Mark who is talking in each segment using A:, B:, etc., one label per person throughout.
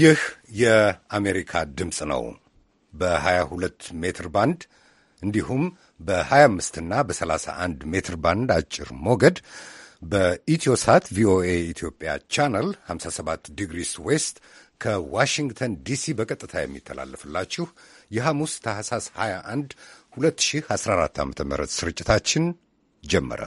A: ይህ የአሜሪካ ድምፅ ነው። በ22 ሜትር ባንድ እንዲሁም በ25ና በ31 ሜትር ባንድ አጭር ሞገድ በኢትዮሳት ቪኦኤ ኢትዮጵያ ቻናል 57 ዲግሪስ ዌስት ከዋሽንግተን ዲሲ በቀጥታ የሚተላለፍላችሁ የሐሙስ ታህሳስ 21 2014 ዓ ም ስርጭታችን ጀመረ።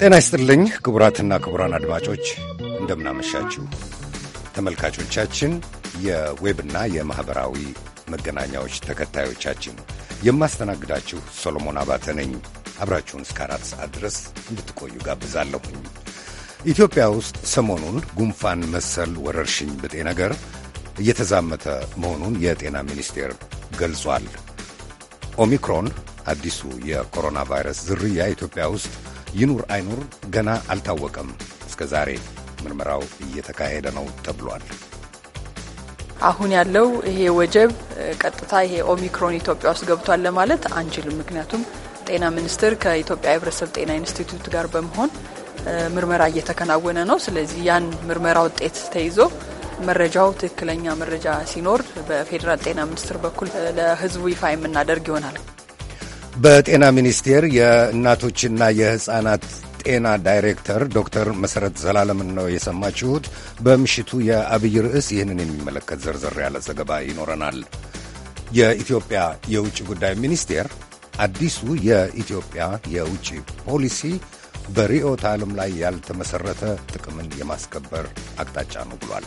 A: ጤና ይስጥልኝ ክቡራትና ክቡራን አድማጮች እንደምናመሻችሁ። ተመልካቾቻችን፣ የዌብና የማኅበራዊ መገናኛዎች ተከታዮቻችን የማስተናግዳችሁ ሰሎሞን አባተ ነኝ። አብራችሁን እስከ አራት ሰዓት ድረስ እንድትቆዩ ጋብዛለሁኝ። ኢትዮጵያ ውስጥ ሰሞኑን ጉንፋን መሰል ወረርሽኝ ብጤ ነገር እየተዛመተ መሆኑን የጤና ሚኒስቴር ገልጿል። ኦሚክሮን አዲሱ የኮሮና ቫይረስ ዝርያ ኢትዮጵያ ውስጥ ይኑር አይኑር ገና አልታወቀም። እስከ ዛሬ ምርመራው እየተካሄደ ነው ተብሏል።
B: አሁን ያለው ይሄ ወጀብ ቀጥታ ይሄ ኦሚክሮን ኢትዮጵያ ውስጥ ገብቷል ለማለት አንችልም። ምክንያቱም ጤና ሚኒስቴር ከኢትዮጵያ ሕብረተሰብ ጤና ኢንስቲትዩት ጋር በመሆን ምርመራ እየተከናወነ ነው። ስለዚህ ያን ምርመራ ውጤት ተይዞ መረጃው ትክክለኛ መረጃ ሲኖር በፌዴራል ጤና ሚኒስቴር በኩል ለህዝቡ ይፋ የምናደርግ ይሆናል።
A: በጤና ሚኒስቴር የእናቶችና የህፃናት ጤና ዳይሬክተር ዶክተር መሰረት ዘላለምን ነው የሰማችሁት። በምሽቱ የአብይ ርዕስ ይህንን የሚመለከት ዘርዘር ያለ ዘገባ ይኖረናል። የኢትዮጵያ የውጭ ጉዳይ ሚኒስቴር አዲሱ የኢትዮጵያ የውጭ ፖሊሲ በርዕዮተ ዓለም ላይ ያልተመሠረተ ጥቅምን የማስከበር አቅጣጫ ነው ብሏል።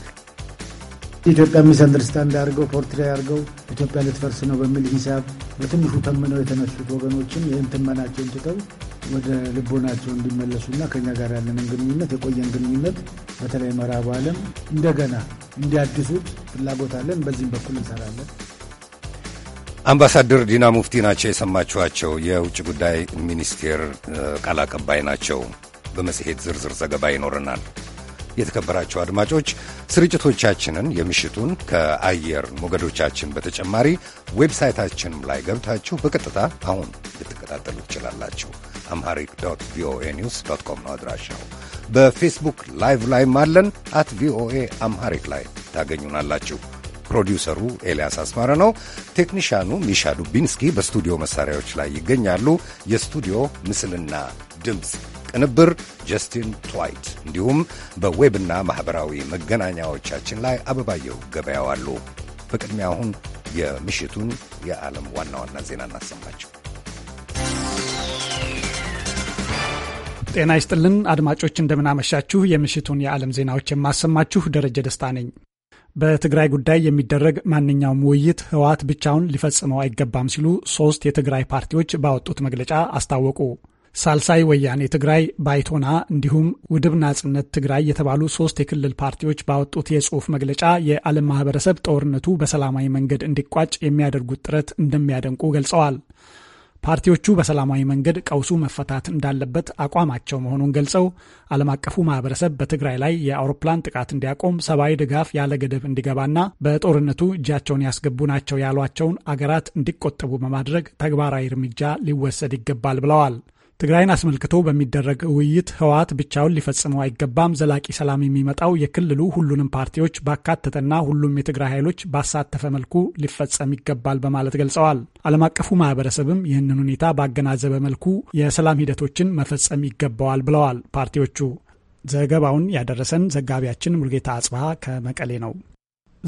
C: ኢትዮጵያ ሚስ አንደርስታንድ አድርገው ፖርትሬ አድርገው ኢትዮጵያ ልትፈርስ ነው በሚል ሂሳብ በትንሹ ተምነው የተነሱት ወገኖችም ይህን ትመናቸውን ትተው ወደ ልቦናቸው እንዲመለሱና ከኛ ጋር ያለንን ግንኙነት የቆየን ግንኙነት በተለይ ምዕራቡ ዓለም እንደገና እንዲያድሱት ፍላጎት አለን። በዚህም በኩል
D: እንሰራለን።
A: አምባሳደር ዲና ሙፍቲ ናቸው የሰማችኋቸው። የውጭ ጉዳይ ሚኒስቴር ቃል አቀባይ ናቸው። በመጽሔት ዝርዝር ዘገባ ይኖረናል። የተከበራቸው አድማጮች ስርጭቶቻችንን የምሽቱን ከአየር ሞገዶቻችን በተጨማሪ ዌብሳይታችንም ላይ ገብታችሁ በቀጥታ አሁን ልትከታተሉ ትችላላችሁ። አምሃሪክ ዶት ቪኦኤ ኒውስ ዶት ኮም ነው አድራሻው። በፌስቡክ ላይቭ ላይም አለን። አት ቪኦኤ አምሃሪክ ላይ ታገኙናላችሁ። ፕሮዲውሰሩ ኤልያስ አስማረ ነው። ቴክኒሻኑ ሚሻ ዱቢንስኪ በስቱዲዮ መሳሪያዎች ላይ ይገኛሉ። የስቱዲዮ ምስልና ድምፅ ቅንብር ጀስቲን ትዋይት እንዲሁም በዌብና ማኅበራዊ መገናኛዎቻችን ላይ አበባየሁ ገበያው አሉ። በቅድሚያ አሁን የምሽቱን የዓለም ዋና ዋና ዜና እናሰማቸው።
E: ጤና ይስጥልን አድማጮች፣ እንደምናመሻችሁ። የምሽቱን የዓለም ዜናዎች የማሰማችሁ ደረጀ ደስታ ነኝ። በትግራይ ጉዳይ የሚደረግ ማንኛውም ውይይት ህወሓት ብቻውን ሊፈጽመው አይገባም ሲሉ ሶስት የትግራይ ፓርቲዎች ባወጡት መግለጫ አስታወቁ። ሳልሳይ ወያኔ ትግራይ፣ ባይቶና እንዲሁም ውድብ ናጽነት ትግራይ የተባሉ ሶስት የክልል ፓርቲዎች ባወጡት የጽሁፍ መግለጫ የዓለም ማህበረሰብ ጦርነቱ በሰላማዊ መንገድ እንዲቋጭ የሚያደርጉት ጥረት እንደሚያደንቁ ገልጸዋል። ፓርቲዎቹ በሰላማዊ መንገድ ቀውሱ መፈታት እንዳለበት አቋማቸው መሆኑን ገልጸው ዓለም አቀፉ ማህበረሰብ በትግራይ ላይ የአውሮፕላን ጥቃት እንዲያቆም፣ ሰብአዊ ድጋፍ ያለ ገደብ እንዲገባና በጦርነቱ እጃቸውን ያስገቡ ናቸው ያሏቸውን አገራት እንዲቆጠቡ በማድረግ ተግባራዊ እርምጃ ሊወሰድ ይገባል ብለዋል። ትግራይን አስመልክቶ በሚደረግ ውይይት ህወሓት ብቻውን ሊፈጽመው አይገባም፣ ዘላቂ ሰላም የሚመጣው የክልሉ ሁሉንም ፓርቲዎች ባካተተና ሁሉም የትግራይ ኃይሎች ባሳተፈ መልኩ ሊፈጸም ይገባል በማለት ገልጸዋል። ዓለም አቀፉ ማህበረሰብም ይህንን ሁኔታ ባገናዘበ መልኩ የሰላም ሂደቶችን መፈጸም ይገባዋል ብለዋል ፓርቲዎቹ። ዘገባውን ያደረሰን ዘጋቢያችን ሙልጌታ አጽብሃ ከመቀሌ ነው።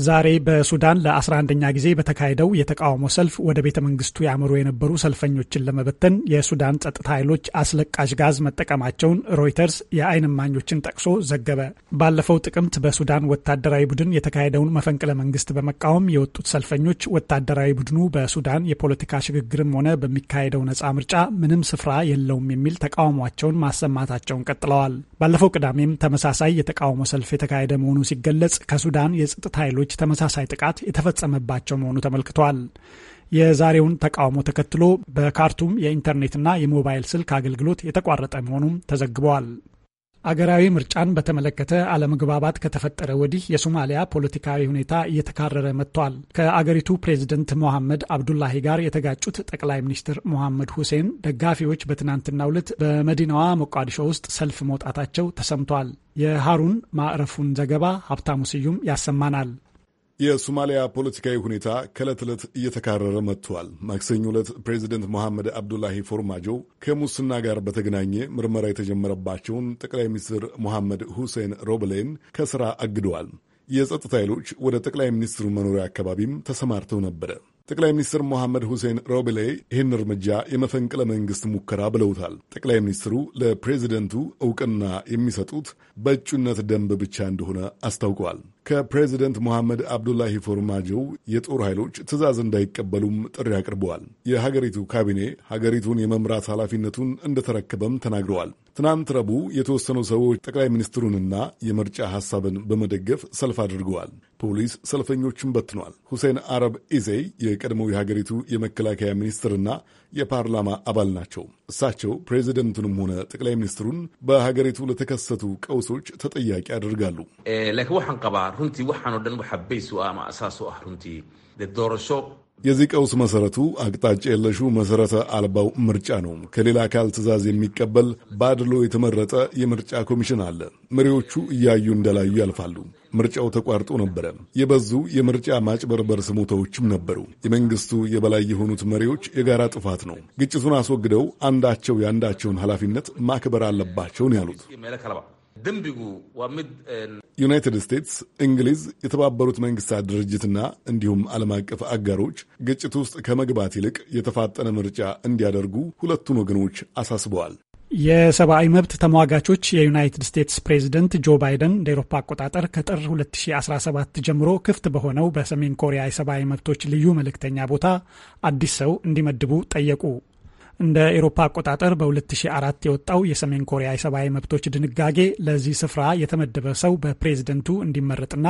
E: ዛሬ በሱዳን ለ11ኛ ጊዜ በተካሄደው የተቃውሞ ሰልፍ ወደ ቤተ መንግስቱ ያምሩ የነበሩ ሰልፈኞችን ለመበተን የሱዳን ጸጥታ ኃይሎች አስለቃሽ ጋዝ መጠቀማቸውን ሮይተርስ የአይን እማኞችን ጠቅሶ ዘገበ። ባለፈው ጥቅምት በሱዳን ወታደራዊ ቡድን የተካሄደውን መፈንቅለ መንግስት በመቃወም የወጡት ሰልፈኞች ወታደራዊ ቡድኑ በሱዳን የፖለቲካ ሽግግርም ሆነ በሚካሄደው ነፃ ምርጫ ምንም ስፍራ የለውም የሚል ተቃውሟቸውን ማሰማታቸውን ቀጥለዋል። ባለፈው ቅዳሜም ተመሳሳይ የተቃውሞ ሰልፍ የተካሄደ መሆኑ ሲገለጽ ከሱዳን የጸጥታ ኃይሎች ሌሎች ተመሳሳይ ጥቃት የተፈጸመባቸው መሆኑ ተመልክቷል። የዛሬውን ተቃውሞ ተከትሎ በካርቱም የኢንተርኔትና የሞባይል ስልክ አገልግሎት የተቋረጠ መሆኑም ተዘግበዋል። አገራዊ ምርጫን በተመለከተ አለመግባባት ከተፈጠረ ወዲህ የሶማሊያ ፖለቲካዊ ሁኔታ እየተካረረ መጥቷል። ከአገሪቱ ፕሬዝደንት ሞሐመድ አብዱላሂ ጋር የተጋጩት ጠቅላይ ሚኒስትር ሞሐመድ ሁሴን ደጋፊዎች በትናንትናው ዕለት በመዲናዋ ሞቃዲሾ ውስጥ ሰልፍ መውጣታቸው ተሰምቷል። የሃሩን ማዕረፉን ዘገባ ሀብታሙ ስዩም ያሰማናል።
F: የሶማሊያ ፖለቲካዊ ሁኔታ ከዕለት ዕለት እየተካረረ መጥቷል። ማክሰኞ ዕለት ፕሬዚደንት መሐመድ አብዱላሂ ፎርማጆ ከሙስና ጋር በተገናኘ ምርመራ የተጀመረባቸውን ጠቅላይ ሚኒስትር ሞሐመድ ሁሴን ሮብሌን ከሥራ አግደዋል። የጸጥታ ኃይሎች ወደ ጠቅላይ ሚኒስትሩ መኖሪያ አካባቢም ተሰማርተው ነበረ። ጠቅላይ ሚኒስትር ሞሐመድ ሁሴን ሮብሌ ይህን እርምጃ የመፈንቅለ መንግስት ሙከራ ብለውታል። ጠቅላይ ሚኒስትሩ ለፕሬዚደንቱ እውቅና የሚሰጡት በእጩነት ደንብ ብቻ እንደሆነ አስታውቀዋል። ከፕሬዚደንት መሐመድ አብዱላሂ ፎርማጆው የጦር ኃይሎች ትዕዛዝ እንዳይቀበሉም ጥሪ አቅርበዋል። የሀገሪቱ ካቢኔ ሀገሪቱን የመምራት ኃላፊነቱን እንደተረከበም ተናግረዋል። ትናንት ረቡዕ የተወሰኑ ሰዎች ጠቅላይ ሚኒስትሩንና የምርጫ ሐሳብን በመደገፍ ሰልፍ አድርገዋል። ፖሊስ ሰልፈኞችን በትኗል። ሁሴን አረብ ኢዜይ የቀድሞው የሀገሪቱ የመከላከያ ሚኒስትርና የፓርላማ አባል ናቸው። እሳቸው ፕሬዚደንቱንም ሆነ ጠቅላይ ሚኒስትሩን በሀገሪቱ ለተከሰቱ ቀውሶች ተጠያቂ ያደርጋሉ።
G: ላኪን ዋን ቀባ ሩንቲ ዋሓን ደን ሓበይሱ ማእሳሱ ሩንቲ
F: ደዶረሾ የዚህ ቀውስ መሰረቱ አቅጣጫ የለሹ መሰረተ አልባው ምርጫ ነው። ከሌላ አካል ትዕዛዝ የሚቀበል በአድሎ የተመረጠ የምርጫ ኮሚሽን አለ። መሪዎቹ እያዩ እንደላዩ ያልፋሉ። ምርጫው ተቋርጦ ነበረ። የበዙ የምርጫ ማጭበርበር ስሞታዎችም ነበሩ። የመንግስቱ የበላይ የሆኑት መሪዎች የጋራ ጥፋት ነው፣ ግጭቱን አስወግደው አንዳቸው የአንዳቸውን ኃላፊነት ማክበር አለባቸውን ያሉት ድንቢጉ ዩናይትድ ስቴትስ፣ እንግሊዝ፣ የተባበሩት መንግስታት ድርጅትና እንዲሁም ዓለም አቀፍ አጋሮች ግጭት ውስጥ ከመግባት ይልቅ የተፋጠነ ምርጫ እንዲያደርጉ ሁለቱን ወገኖች አሳስበዋል።
E: የሰብአዊ መብት ተሟጋቾች የዩናይትድ ስቴትስ ፕሬዚደንት ጆ ባይደን እንደ ኤሮፓ አቆጣጠር ከጥር 2017 ጀምሮ ክፍት በሆነው በሰሜን ኮሪያ የሰብአዊ መብቶች ልዩ መልእክተኛ ቦታ አዲስ ሰው እንዲመድቡ ጠየቁ። እንደ ኤሮፓ አቆጣጠር በ2004 የወጣው የሰሜን ኮሪያ የሰብአዊ መብቶች ድንጋጌ ለዚህ ስፍራ የተመደበ ሰው በፕሬዝደንቱ እንዲመረጥና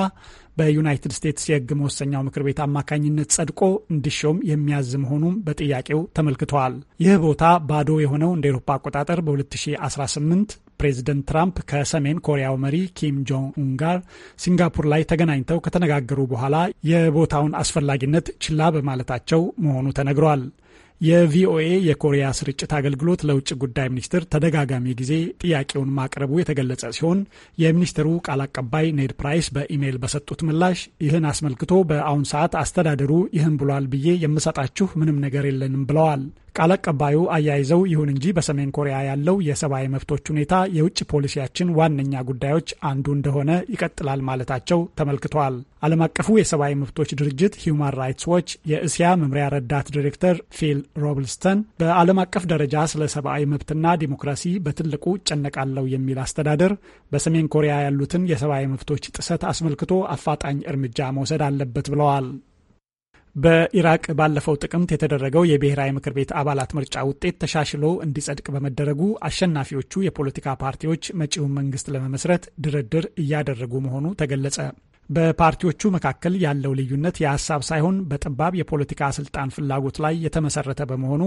E: በዩናይትድ ስቴትስ የህግ መወሰኛው ምክር ቤት አማካኝነት ጸድቆ እንዲሾም የሚያዝ መሆኑም በጥያቄው ተመልክተዋል። ይህ ቦታ ባዶ የሆነው እንደ ኤሮፓ አቆጣጠር በ2018 ፕሬዚደንት ትራምፕ ከሰሜን ኮሪያው መሪ ኪም ጆንግ ኡን ጋር ሲንጋፖር ላይ ተገናኝተው ከተነጋገሩ በኋላ የቦታውን አስፈላጊነት ችላ በማለታቸው መሆኑ ተነግሯል። የቪኦኤ የኮሪያ ስርጭት አገልግሎት ለውጭ ጉዳይ ሚኒስትር ተደጋጋሚ ጊዜ ጥያቄውን ማቅረቡ የተገለጸ ሲሆን የሚኒስትሩ ቃል አቀባይ ኔድ ፕራይስ በኢሜይል በሰጡት ምላሽ ይህን አስመልክቶ በአሁን ሰዓት አስተዳደሩ ይህን ብሏል ብዬ የምሰጣችሁ ምንም ነገር የለንም ብለዋል። ቃል አቀባዩ አያይዘው ይሁን እንጂ በሰሜን ኮሪያ ያለው የሰብአዊ መብቶች ሁኔታ የውጭ ፖሊሲያችን ዋነኛ ጉዳዮች አንዱ እንደሆነ ይቀጥላል ማለታቸው ተመልክተዋል። ዓለም አቀፉ የሰብአዊ መብቶች ድርጅት ሂውማን ራይትስ ዎች የእስያ መምሪያ ረዳት ዲሬክተር ፊል ሮብልስተን በዓለም አቀፍ ደረጃ ስለ ሰብአዊ መብትና ዲሞክራሲ በትልቁ እጨነቃለሁ የሚል አስተዳደር በሰሜን ኮሪያ ያሉትን የሰብአዊ መብቶች ጥሰት አስመልክቶ አፋጣኝ እርምጃ መውሰድ አለበት ብለዋል። በኢራቅ ባለፈው ጥቅምት የተደረገው የብሔራዊ ምክር ቤት አባላት ምርጫ ውጤት ተሻሽሎ እንዲጸድቅ በመደረጉ አሸናፊዎቹ የፖለቲካ ፓርቲዎች መጪውን መንግስት ለመመስረት ድርድር እያደረጉ መሆኑ ተገለጸ። በፓርቲዎቹ መካከል ያለው ልዩነት የሀሳብ ሳይሆን በጠባብ የፖለቲካ ስልጣን ፍላጎት ላይ የተመሰረተ በመሆኑ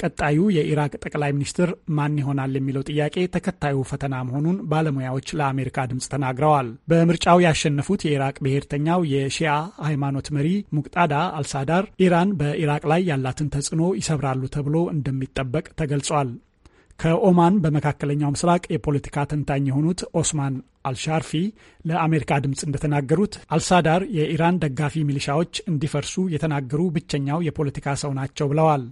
E: ቀጣዩ የኢራቅ ጠቅላይ ሚኒስትር ማን ይሆናል የሚለው ጥያቄ ተከታዩ ፈተና መሆኑን ባለሙያዎች ለአሜሪካ ድምፅ ተናግረዋል። በምርጫው ያሸነፉት የኢራቅ ብሔርተኛው የሺአ ሃይማኖት መሪ ሙቅጣዳ አልሳዳር ኢራን በኢራቅ ላይ ያላትን ተጽዕኖ ይሰብራሉ ተብሎ እንደሚጠበቅ ተገልጿል። ከኦማን በመካከለኛው ምስራቅ የፖለቲካ ተንታኝ የሆኑት ኦስማን አልሻርፊ ለአሜሪካ ድምፅ እንደተናገሩት አልሳዳር የኢራን ደጋፊ ሚሊሻዎች እንዲፈርሱ የተናገሩ ብቸኛው የፖለቲካ ሰው ናቸው ብለዋል።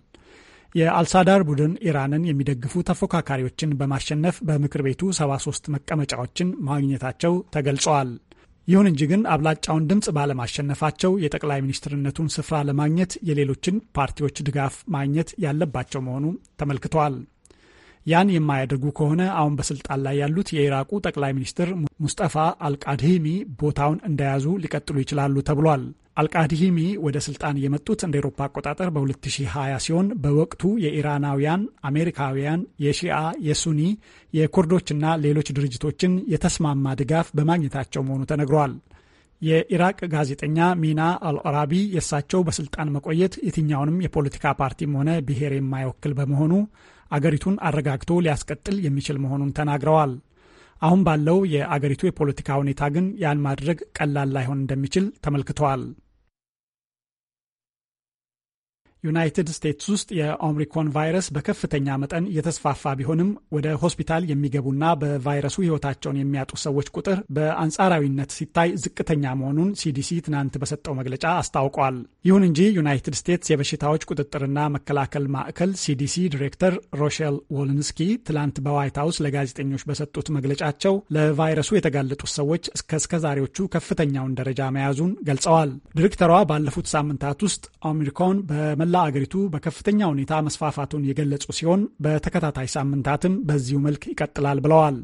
E: የአልሳዳር ቡድን ኢራንን የሚደግፉ ተፎካካሪዎችን በማሸነፍ በምክር ቤቱ 73 መቀመጫዎችን ማግኘታቸው ተገልጸዋል። ይሁን እንጂ ግን አብላጫውን ድምፅ ባለማሸነፋቸው የጠቅላይ ሚኒስትርነቱን ስፍራ ለማግኘት የሌሎችን ፓርቲዎች ድጋፍ ማግኘት ያለባቸው መሆኑ ተመልክተዋል። ያን የማያደርጉ ከሆነ አሁን በስልጣን ላይ ያሉት የኢራቁ ጠቅላይ ሚኒስትር ሙስጠፋ አልቃድሂሚ ቦታውን እንደያዙ ሊቀጥሉ ይችላሉ ተብሏል። አልቃዲሂሚ ወደ ስልጣን የመጡት እንደ ኤሮፓ አቆጣጠር በ2020 ሲሆን በወቅቱ የኢራናውያን አሜሪካውያን፣ የሺአ፣ የሱኒ፣ የኩርዶችና ሌሎች ድርጅቶችን የተስማማ ድጋፍ በማግኘታቸው መሆኑ ተነግሯል። የኢራቅ ጋዜጠኛ ሚና አልኦራቢ የእሳቸው በስልጣን መቆየት የትኛውንም የፖለቲካ ፓርቲም ሆነ ብሔር የማይወክል በመሆኑ አገሪቱን አረጋግቶ ሊያስቀጥል የሚችል መሆኑን ተናግረዋል። አሁን ባለው የአገሪቱ የፖለቲካ ሁኔታ ግን ያን ማድረግ ቀላል ላይሆን እንደሚችል ተመልክተዋል። ዩናይትድ ስቴትስ ውስጥ የኦምሪኮን ቫይረስ በከፍተኛ መጠን እየተስፋፋ ቢሆንም ወደ ሆስፒታል የሚገቡና በቫይረሱ ሕይወታቸውን የሚያጡ ሰዎች ቁጥር በአንጻራዊነት ሲታይ ዝቅተኛ መሆኑን ሲዲሲ ትናንት በሰጠው መግለጫ አስታውቋል። ይሁን እንጂ ዩናይትድ ስቴትስ የበሽታዎች ቁጥጥርና መከላከል ማዕከል ሲዲሲ ዲሬክተር ሮሼል ዎልንስኪ ትላንት በዋይት ሀውስ ለጋዜጠኞች በሰጡት መግለጫቸው ለቫይረሱ የተጋለጡት ሰዎች እስከዛሬዎቹ ከፍተኛውን ደረጃ መያዙን ገልጸዋል። ዲሬክተሯ ባለፉት ሳምንታት ውስጥ ኦምሪኮን በመ በመላ አገሪቱ በከፍተኛ ሁኔታ መስፋፋቱን የገለጹ ሲሆን በተከታታይ ሳምንታትም በዚሁ መልክ ይቀጥላል ብለዋል።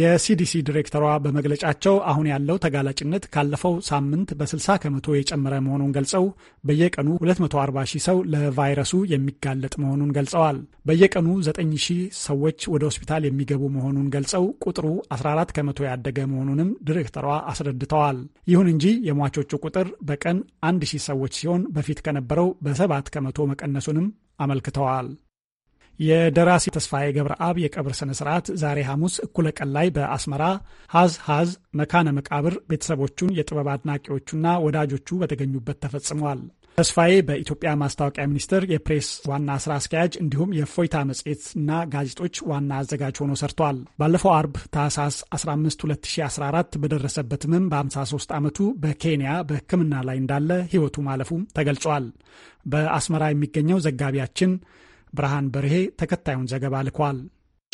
E: የሲዲሲ ዲሬክተሯ በመግለጫቸው አሁን ያለው ተጋላጭነት ካለፈው ሳምንት በ60 ከመቶ የጨመረ መሆኑን ገልጸው በየቀኑ 240 ሺህ ሰው ለቫይረሱ የሚጋለጥ መሆኑን ገልጸዋል። በየቀኑ 9 ሺህ ሰዎች ወደ ሆስፒታል የሚገቡ መሆኑን ገልጸው ቁጥሩ 14 ከመቶ ያደገ መሆኑንም ዲሬክተሯ አስረድተዋል። ይሁን እንጂ የሟቾቹ ቁጥር በቀን 1 ሺህ ሰዎች ሲሆን በፊት ከነበረው በሰባት ከመቶ መቀነሱንም አመልክተዋል። የደራሲ ተስፋዬ ገብረአብ የቀብር ስነ ስርዓት ዛሬ ሐሙስ እኩለ ቀን ላይ በአስመራ ሀዝ ሀዝ መካነ መቃብር ቤተሰቦቹን የጥበብ አድናቂዎቹና ወዳጆቹ በተገኙበት ተፈጽመዋል። ተስፋዬ በኢትዮጵያ ማስታወቂያ ሚኒስቴር የፕሬስ ዋና ስራ አስኪያጅ እንዲሁም የእፎይታ መጽሔትና ጋዜጦች ዋና አዘጋጅ ሆኖ ሰርቷል። ባለፈው አርብ ታህሳስ 15 2014 በደረሰበት ህመም በ53 ዓመቱ በኬንያ በሕክምና ላይ እንዳለ ህይወቱ ማለፉም ተገልጿል። በአስመራ የሚገኘው ዘጋቢያችን ብርሃን በርሄ ተከታዩን ዘገባ ልኳል።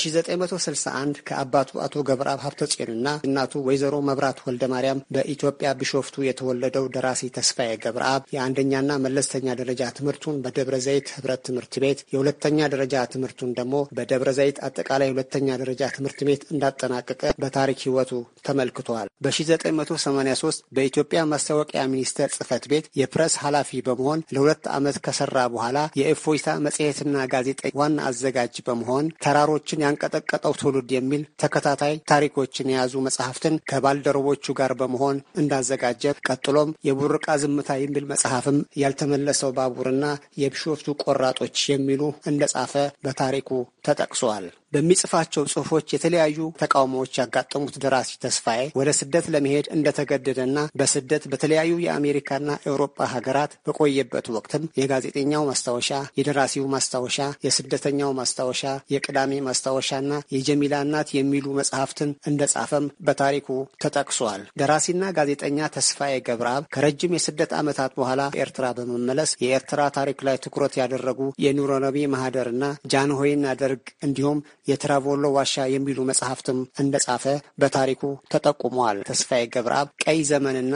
H: 1961 ከአባቱ አቶ ገብረአብ ሀብተጽዮንና እናቱ ወይዘሮ መብራት ወልደ ማርያም በኢትዮጵያ ቢሾፍቱ የተወለደው ደራሲ ተስፋዬ ገብረአብ የአንደኛና መለስተኛ ደረጃ ትምህርቱን በደብረ ዘይት ህብረት ትምህርት ቤት፣ የሁለተኛ ደረጃ ትምህርቱን ደግሞ በደብረ ዘይት አጠቃላይ ሁለተኛ ደረጃ ትምህርት ቤት እንዳጠናቀቀ በታሪክ ህይወቱ ተመልክቷል። በ1983 በኢትዮጵያ ማስታወቂያ ሚኒስቴር ጽህፈት ቤት የፕረስ ኃላፊ በመሆን ለሁለት ዓመት ከሰራ በኋላ የእፎይታ መጽሔትና ጋዜጣ ዋና አዘጋጅ በመሆን ተራሮችን ያንቀጠቀጠው ትውልድ የሚል ተከታታይ ታሪኮችን የያዙ መጽሐፍትን ከባልደረቦቹ ጋር በመሆን እንዳዘጋጀ ቀጥሎም የቡርቃ ዝምታ የሚል መጽሐፍም ያልተመለሰው ባቡርና የቢሾፍቱ ቆራጦች የሚሉ እንደጻፈ በታሪኩ ተጠቅሷል። በሚጽፋቸው ጽሑፎች የተለያዩ ተቃውሞዎች ያጋጠሙት ደራሲ ተስፋዬ ወደ ስደት ለመሄድ እንደተገደደና በስደት በተለያዩ የአሜሪካና ኤውሮፓ ሀገራት በቆየበት ወቅትም የጋዜጠኛው ማስታወሻ፣ የደራሲው ማስታወሻ፣ የስደተኛው ማስታወሻ፣ የቅዳሜ ማስታወ ማስታወሻና የጀሚላ እናት የሚሉ መጽሐፍትን እንደጻፈም በታሪኩ ተጠቅሷል። ደራሲና ጋዜጠኛ ተስፋዬ ገብረአብ ከረጅም የስደት ዓመታት በኋላ ኤርትራ በመመለስ የኤርትራ ታሪክ ላይ ትኩረት ያደረጉ የኑሮነቢ ማህደርና ጃንሆይና ደርግ እንዲሁም የትራቮሎ ዋሻ የሚሉ መጽሐፍትም እንደጻፈ በታሪኩ ተጠቁመዋል። ተስፋዬ ገብረአብ ቀይ ዘመንና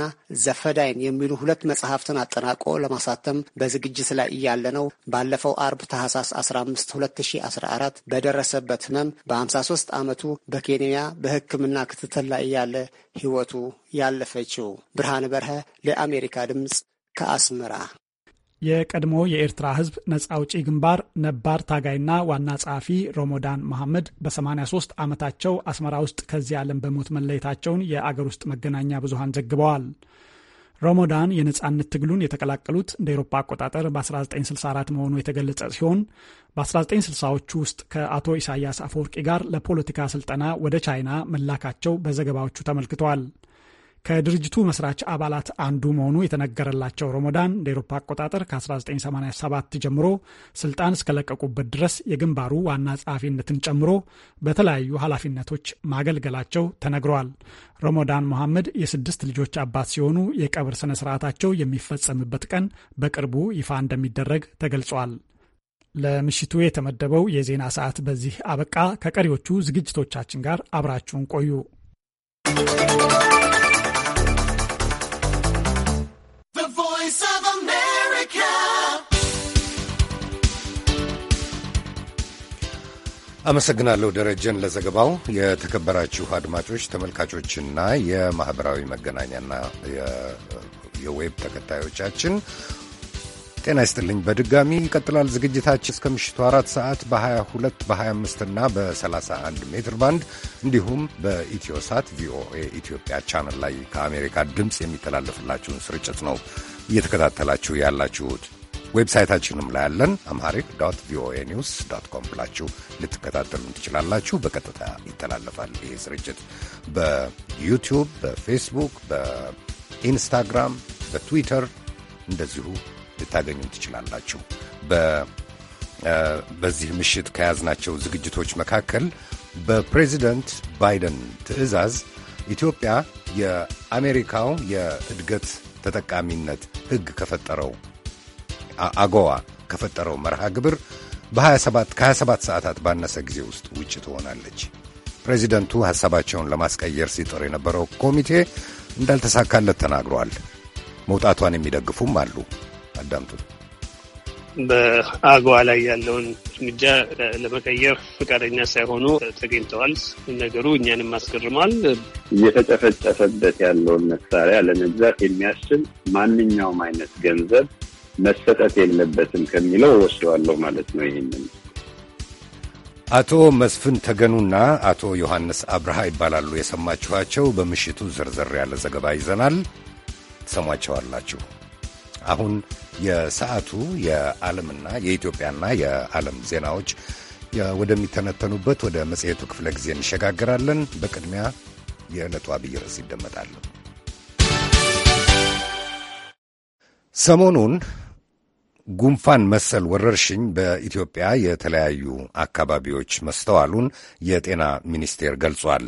H: ዘፈዳይን የሚሉ ሁለት መጽሐፍትን አጠናቆ ለማሳተም በዝግጅት ላይ እያለ ነው ባለፈው አርብ ታህሳስ 15 2014 በደረሰበት ህመም በ53 ዓመቱ በኬንያ በሕክምና ክትትል ላይ እያለ ሕይወቱ ያለፈችው ብርሃን በርሀ ለአሜሪካ ድምፅ ከአስመራ።
E: የቀድሞ የኤርትራ ህዝብ ነጻ አውጪ ግንባር ነባር ታጋይና ዋና ጸሐፊ ሮሞዳን መሐመድ በ83 ዓመታቸው አስመራ ውስጥ ከዚህ ዓለም በሞት መለየታቸውን የአገር ውስጥ መገናኛ ብዙሃን ዘግበዋል። ሮሞዳን የነጻነት ትግሉን የተቀላቀሉት እንደ ኤሮፓ አቆጣጠር በ1964 መሆኑ የተገለጸ ሲሆን በ1960ዎቹ ውስጥ ከአቶ ኢሳያስ አፈወርቂ ጋር ለፖለቲካ ስልጠና ወደ ቻይና መላካቸው በዘገባዎቹ ተመልክተዋል። ከድርጅቱ መስራች አባላት አንዱ መሆኑ የተነገረላቸው ሮሞዳን እንደ ኤሮፓ አቆጣጠር ከ1987 ጀምሮ ስልጣን እስከለቀቁበት ድረስ የግንባሩ ዋና ጸሐፊነትን ጨምሮ በተለያዩ ኃላፊነቶች ማገልገላቸው ተነግረዋል። ሮሞዳን መሐመድ የስድስት ልጆች አባት ሲሆኑ የቀብር ስነ ስርዓታቸው የሚፈጸምበት ቀን በቅርቡ ይፋ እንደሚደረግ ተገልጿል። ለምሽቱ የተመደበው የዜና ሰዓት በዚህ አበቃ። ከቀሪዎቹ ዝግጅቶቻችን ጋር አብራችሁን ቆዩ።
I: Voice of America.
A: አመሰግናለሁ ደረጀን ለዘገባው። የተከበራችሁ አድማጮች፣ ተመልካቾችና የማኅበራዊ መገናኛና የዌብ ተከታዮቻችን ጤና ይስጥልኝ። በድጋሚ ይቀጥላል ዝግጅታችን እስከ ምሽቱ አራት ሰዓት በ22 በ25 እና በ31 ሜትር ባንድ እንዲሁም በኢትዮሳት ቪኦኤ ኢትዮጵያ ቻናል ላይ ከአሜሪካ ድምፅ የሚተላለፍላችሁን ስርጭት ነው። እየተከታተላችሁ ያላችሁት። ዌብሳይታችንም ላይ ያለን አምሃሪክ ዶት ቪኦኤ ኒውስ ዶት ኮም ብላችሁ ልትከታተሉን ትችላላችሁ። በቀጥታ ይተላለፋል ይህ ስርጭት በዩቲዩብ፣ በፌስቡክ፣ በኢንስታግራም፣ በትዊተር እንደዚሁ ልታገኙን ትችላላችሁ። በዚህ ምሽት ከያዝናቸው ዝግጅቶች መካከል በፕሬዚደንት ባይደን ትዕዛዝ ኢትዮጵያ የአሜሪካው የእድገት ተጠቃሚነት ሕግ ከፈጠረው አጎዋ ከፈጠረው መርሃ ግብር በ27 ከ27 ሰዓታት ባነሰ ጊዜ ውስጥ ውጭ ትሆናለች። ፕሬዚደንቱ ሐሳባቸውን ለማስቀየር ሲጥር የነበረው ኮሚቴ እንዳልተሳካለት ተናግሯል። መውጣቷን የሚደግፉም አሉ። አዳምጡ።
J: በአገዋ ላይ ያለውን እርምጃ ለመቀየር ፈቃደኛ ሳይሆኑ ተገኝተዋል። ነገሩ እኛንም አስገርሟል።
G: እየተጨፈጨፈበት ያለውን መሳሪያ ለመግዛት የሚያስችል ማንኛውም አይነት ገንዘብ መሰጠት የለበትም ከሚለው ወስደዋለሁ ማለት ነው። ይህንን
A: አቶ መስፍን ተገኑና አቶ ዮሐንስ አብርሃ ይባላሉ የሰማችኋቸው። በምሽቱ ዝርዝር ያለ ዘገባ ይዘናል፣ ትሰሟቸዋላችሁ። አሁን የሰዓቱ የዓለምና የኢትዮጵያና የዓለም ዜናዎች ወደሚተነተኑበት ወደ መጽሔቱ ክፍለ ጊዜ እንሸጋግራለን። በቅድሚያ የዕለቱ አብይ ርዕስ ይደመጣሉ። ሰሞኑን ጉንፋን መሰል ወረርሽኝ በኢትዮጵያ የተለያዩ አካባቢዎች መስተዋሉን የጤና ሚኒስቴር ገልጿል።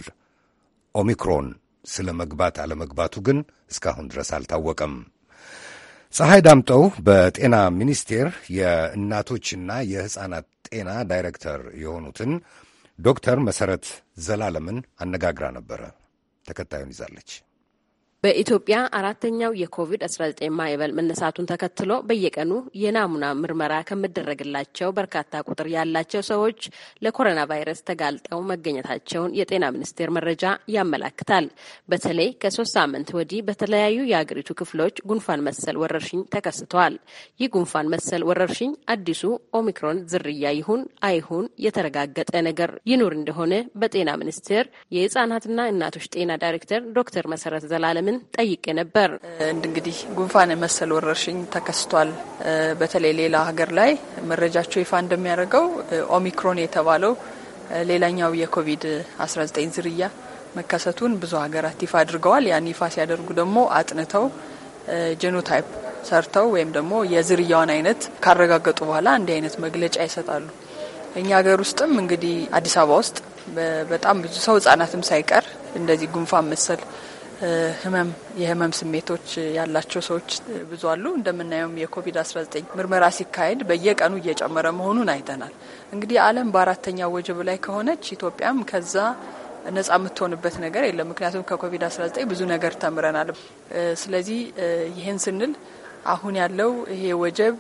A: ኦሚክሮን ስለ መግባት አለመግባቱ ግን እስካሁን ድረስ አልታወቀም። ፀሐይ ዳምጠው በጤና ሚኒስቴር የእናቶችና የሕፃናት ጤና ዳይሬክተር የሆኑትን ዶክተር መሠረት ዘላለምን አነጋግራ ነበረ። ተከታዩን ይዛለች።
D: በኢትዮጵያ አራተኛው የኮቪድ-19 ማዕበል መነሳቱን ተከትሎ በየቀኑ የናሙና ምርመራ ከምደረግላቸው በርካታ ቁጥር ያላቸው ሰዎች ለኮሮና ቫይረስ ተጋልጠው መገኘታቸውን የጤና ሚኒስቴር መረጃ ያመላክታል። በተለይ ከሶስት ሳምንት ወዲህ በተለያዩ የአገሪቱ ክፍሎች ጉንፋን መሰል ወረርሽኝ ተከስተዋል። ይህ ጉንፋን መሰል ወረርሽኝ አዲሱ ኦሚክሮን ዝርያ ይሁን አይሁን የተረጋገጠ ነገር ይኑር እንደሆነ በጤና ሚኒስቴር የህጻናትና እናቶች ጤና ዳይሬክተር ዶክተር
B: መሰረት ዘላለም ሰላምን ጠይቄ ነበር። እንግዲህ ጉንፋን መሰል ወረርሽኝ ተከስቷል። በተለይ ሌላ ሀገር ላይ መረጃቸው ይፋ እንደሚያደርገው ኦሚክሮን የተባለው ሌላኛው የኮቪድ-19 ዝርያ መከሰቱን ብዙ ሀገራት ይፋ አድርገዋል። ያን ይፋ ሲያደርጉ ደግሞ አጥንተው ጄኖታይፕ ሰርተው ወይም ደግሞ የዝርያውን አይነት ካረጋገጡ በኋላ እንዲህ አይነት መግለጫ ይሰጣሉ። እኛ ሀገር ውስጥም እንግዲህ አዲስ አበባ ውስጥ በጣም ብዙ ሰው ህጻናትም ሳይቀር እንደዚህ ጉንፋን መሰል ህመም የህመም ስሜቶች ያላቸው ሰዎች ብዙ አሉ። እንደምናየውም የኮቪድ-19 ምርመራ ሲካሄድ በየቀኑ እየጨመረ መሆኑን አይተናል። እንግዲህ ዓለም በአራተኛ ወጀብ ላይ ከሆነች ኢትዮጵያም ከዛ ነጻ የምትሆንበት ነገር የለም። ምክንያቱም ከኮቪድ-19 ብዙ ነገር ተምረናል። ስለዚህ ይህን ስንል አሁን ያለው ይሄ ወጀብ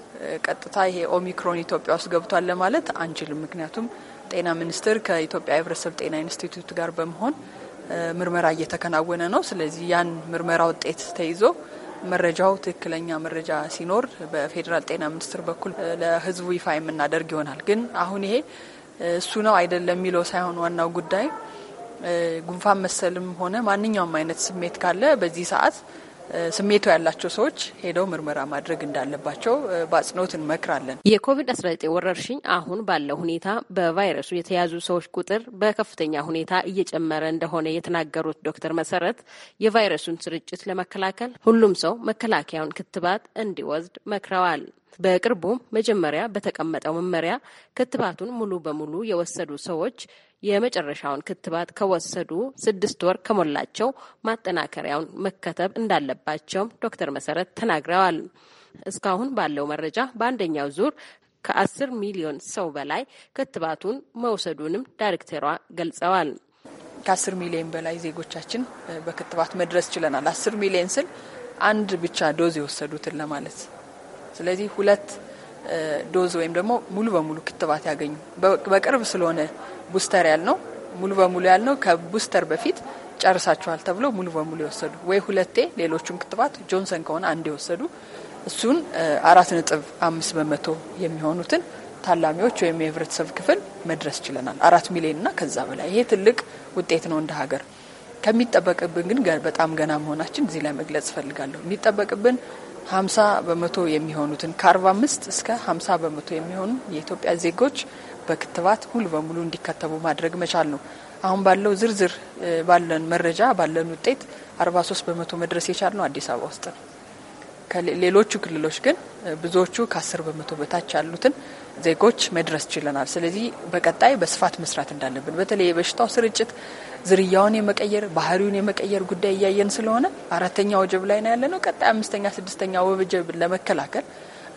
B: ቀጥታ ይሄ ኦሚክሮን ኢትዮጵያ ውስጥ ገብቷል ለማለት አንችልም። ምክንያቱም ጤና ሚኒስቴር ከኢትዮጵያ ህብረተሰብ ጤና ኢንስቲትዩት ጋር በመሆን ምርመራ እየተከናወነ ነው። ስለዚህ ያን ምርመራ ውጤት ተይዞ መረጃው ትክክለኛ መረጃ ሲኖር በፌዴራል ጤና ሚኒስቴር በኩል ለሕዝቡ ይፋ የምናደርግ ይሆናል። ግን አሁን ይሄ እሱ ነው አይደለም የሚለው ሳይሆን ዋናው ጉዳይ ጉንፋን መሰልም ሆነ ማንኛውም አይነት ስሜት ካለ በዚህ ሰዓት ስሜቱ ያላቸው ሰዎች ሄደው ምርመራ ማድረግ እንዳለባቸው በአጽንኦት እንመክራለን። የኮቪድ-19 ወረርሽኝ አሁን ባለው ሁኔታ በቫይረሱ የተያዙ
D: ሰዎች ቁጥር በከፍተኛ ሁኔታ እየጨመረ እንደሆነ የተናገሩት ዶክተር መሰረት የቫይረሱን ስርጭት ለመከላከል ሁሉም ሰው መከላከያውን ክትባት እንዲወስድ መክረዋል። በቅርቡም መጀመሪያ በተቀመጠው መመሪያ ክትባቱን ሙሉ በሙሉ የወሰዱ ሰዎች የመጨረሻውን ክትባት ከወሰዱ ስድስት ወር ከሞላቸው ማጠናከሪያውን መከተብ እንዳለባቸውም ዶክተር መሰረት ተናግረዋል። እስካሁን ባለው መረጃ በአንደኛው ዙር ከአስር ሚሊዮን ሰው በላይ ክትባቱን መውሰዱንም
B: ዳይሬክተሯ ገልጸዋል። ከአስር ሚሊዮን በላይ ዜጎቻችን በክትባት መድረስ ችለናል። አስር ሚሊዮን ስል አንድ ብቻ ዶዝ የወሰዱትን ለማለት ስለዚህ ሁለት ዶዝ ወይም ደግሞ ሙሉ በሙሉ ክትባት ያገኙ። በቅርብ ስለሆነ ቡስተር ያልነው ሙሉ በሙሉ ያልነው ከቡስተር በፊት ጨርሳችኋል ተብሎ ሙሉ በሙሉ የወሰዱ ወይ ሁለቴ ሌሎቹን ክትባት ጆንሰን ከሆነ አንድ የወሰዱ እሱን አራት ነጥብ አምስት በመቶ የሚሆኑትን ታላሚዎች ወይም የህብረተሰብ ክፍል መድረስ ችለናል። አራት ሚሊዮንና ከዛ በላይ ይሄ ትልቅ ውጤት ነው እንደ ሀገር። ከሚጠበቅብን ግን በጣም ገና መሆናችን እዚህ ላይ መግለጽ እፈልጋለሁ። የሚጠበቅብን ሀምሳ በመቶ የሚሆኑትን ከአርባ አምስት እስከ ሀምሳ በመቶ የሚሆኑ የኢትዮጵያ ዜጎች በክትባት ሙሉ በሙሉ እንዲከተቡ ማድረግ መቻል ነው። አሁን ባለው ዝርዝር ባለን መረጃ ባለን ውጤት አርባ ሶስት በመቶ መድረስ የቻል ነው አዲስ አበባ ውስጥ ነው። ከሌሎቹ ክልሎች ግን ብዙዎቹ ከአስር በመቶ በታች ያሉትን ዜጎች መድረስ ችለናል። ስለዚህ በቀጣይ በስፋት መስራት እንዳለብን በተለይ የበሽታው ስርጭት ዝርያውን የመቀየር ባህሪውን የመቀየር ጉዳይ እያየን ስለሆነ አራተኛ ወጀብ ላይ ነው ያለነው። ቀጣይ አምስተኛ ስድስተኛ ወጀብ ለመከላከል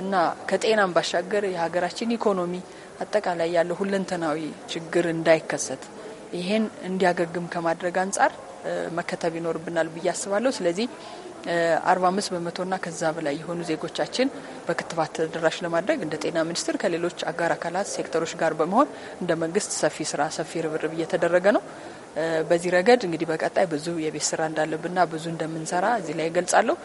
B: እና ከጤናም ባሻገር የሀገራችን ኢኮኖሚ አጠቃላይ ያለው ሁለንተናዊ ችግር እንዳይከሰት ይሄን እንዲያገግም ከማድረግ አንጻር መከተብ ይኖርብናል ብዬ አስባለሁ። ስለዚህ አርባ አምስት በመቶና ከዛ በላይ የሆኑ ዜጎቻችን በክትባት ተደራሽ ለማድረግ እንደ ጤና ሚኒስቴር ከሌሎች አጋር አካላት ሴክተሮች ጋር በመሆን እንደ መንግስት ሰፊ ስራ ሰፊ ርብርብ እየተደረገ ነው። በዚህ ረገድ እንግዲህ በቀጣይ ብዙ የቤት ስራ እንዳለብና ብዙ እንደምንሰራ እዚህ ላይ ይገልጻለሁ።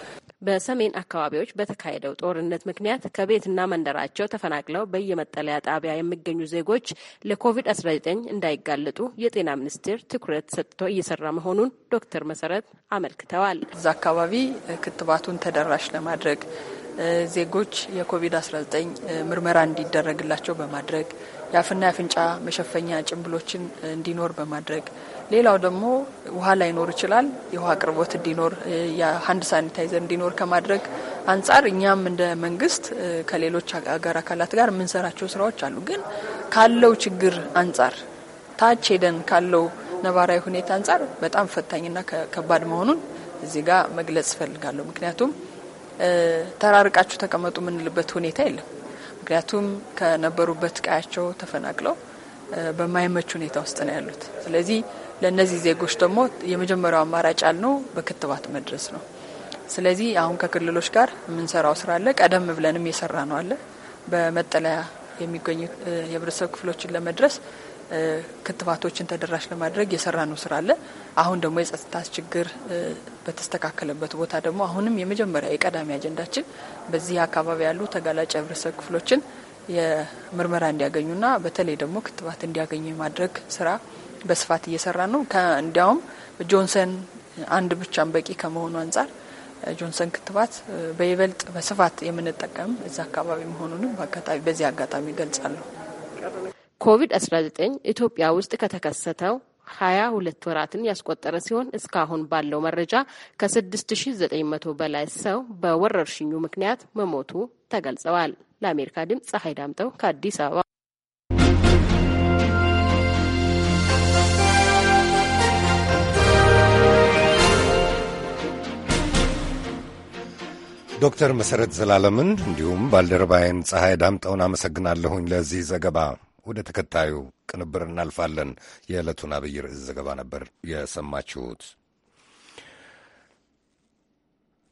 B: በሰሜን አካባቢዎች በተካሄደው ጦርነት ምክንያት
D: ከቤትና መንደራቸው ተፈናቅለው በየመጠለያ ጣቢያ የሚገኙ ዜጎች ለኮቪድ-19 እንዳይጋለጡ የጤና ሚኒስቴር ትኩረት ሰጥቶ እየሰራ መሆኑን ዶክተር መሰረት አመልክተዋል።
B: እዛ አካባቢ ክትባቱን ተደራሽ ለማድረግ ዜጎች የኮቪድ-19 ምርመራ እንዲደረግላቸው በማድረግ የአፍና የአፍንጫ መሸፈኛ ጭንብሎችን እንዲኖር በማድረግ ሌላው ደግሞ ውሃ ላይኖር ይችላል። የውሃ አቅርቦት እንዲኖር የሀንድ ሳኒታይዘር እንዲኖር ከማድረግ አንጻር እኛም እንደ መንግስት ከሌሎች ሀገር አካላት ጋር የምንሰራቸው ስራዎች አሉ። ግን ካለው ችግር አንጻር ታች ሄደን ካለው ነባራዊ ሁኔታ አንጻር በጣም ፈታኝና ከባድ መሆኑን እዚህ ጋር መግለጽ እፈልጋለሁ። ምክንያቱም ተራርቃችሁ ተቀመጡ የምንልበት ሁኔታ የለም። ምክንያቱም ከነበሩበት ቀያቸው ተፈናቅለው በማይመች ሁኔታ ውስጥ ነው ያሉት። ስለዚህ ለእነዚህ ዜጎች ደግሞ የመጀመሪያው አማራጭ ያልነው በክትባት መድረስ ነው። ስለዚህ አሁን ከክልሎች ጋር የምንሰራው ስራ አለ። ቀደም ብለንም የሰራ ነው አለ በመጠለያ የሚገኙ የህብረተሰብ ክፍሎችን ለመድረስ ክትባቶችን ተደራሽ ለማድረግ የሰራ ነው ስራ አለ። አሁን ደግሞ የጸጥታ ችግር በተስተካከለበት ቦታ ደግሞ አሁንም የመጀመሪያ የቀዳሚ አጀንዳችን በዚህ አካባቢ ያሉ ተጋላጭ ህብረተሰብ ክፍሎችን የምርመራ እንዲያገኙና በተለይ ደግሞ ክትባት እንዲያገኙ የማድረግ ስራ በስፋት እየሰራ ነው። እንዲያውም ጆንሰን አንድ ብቻን በቂ ከመሆኑ አንጻር ጆንሰን ክትባት በይበልጥ በስፋት የምንጠቀም እዚ አካባቢ መሆኑንም በአጋጣሚ በዚህ አጋጣሚ ይገልጻሉ። ኮቪድ-19 ኢትዮጵያ
D: ውስጥ ከተከሰተው ሀያ ሁለት ወራትን ያስቆጠረ ሲሆን እስካሁን ባለው መረጃ ከስድስት ሺ ዘጠኝ መቶ በላይ ሰው በወረርሽኙ ምክንያት መሞቱ ተገልጸዋል። ለአሜሪካ ድምፅ ፀሐይ ዳምጠው ከአዲስ አበባ።
A: ዶክተር መሰረት ዘላለምን እንዲሁም ባልደረባዬን ፀሐይ ዳምጠውን አመሰግናለሁኝ ለዚህ ዘገባ። ወደ ተከታዩ ቅንብር እናልፋለን። የዕለቱን አብይ ርዕስ ዘገባ ነበር የሰማችሁት።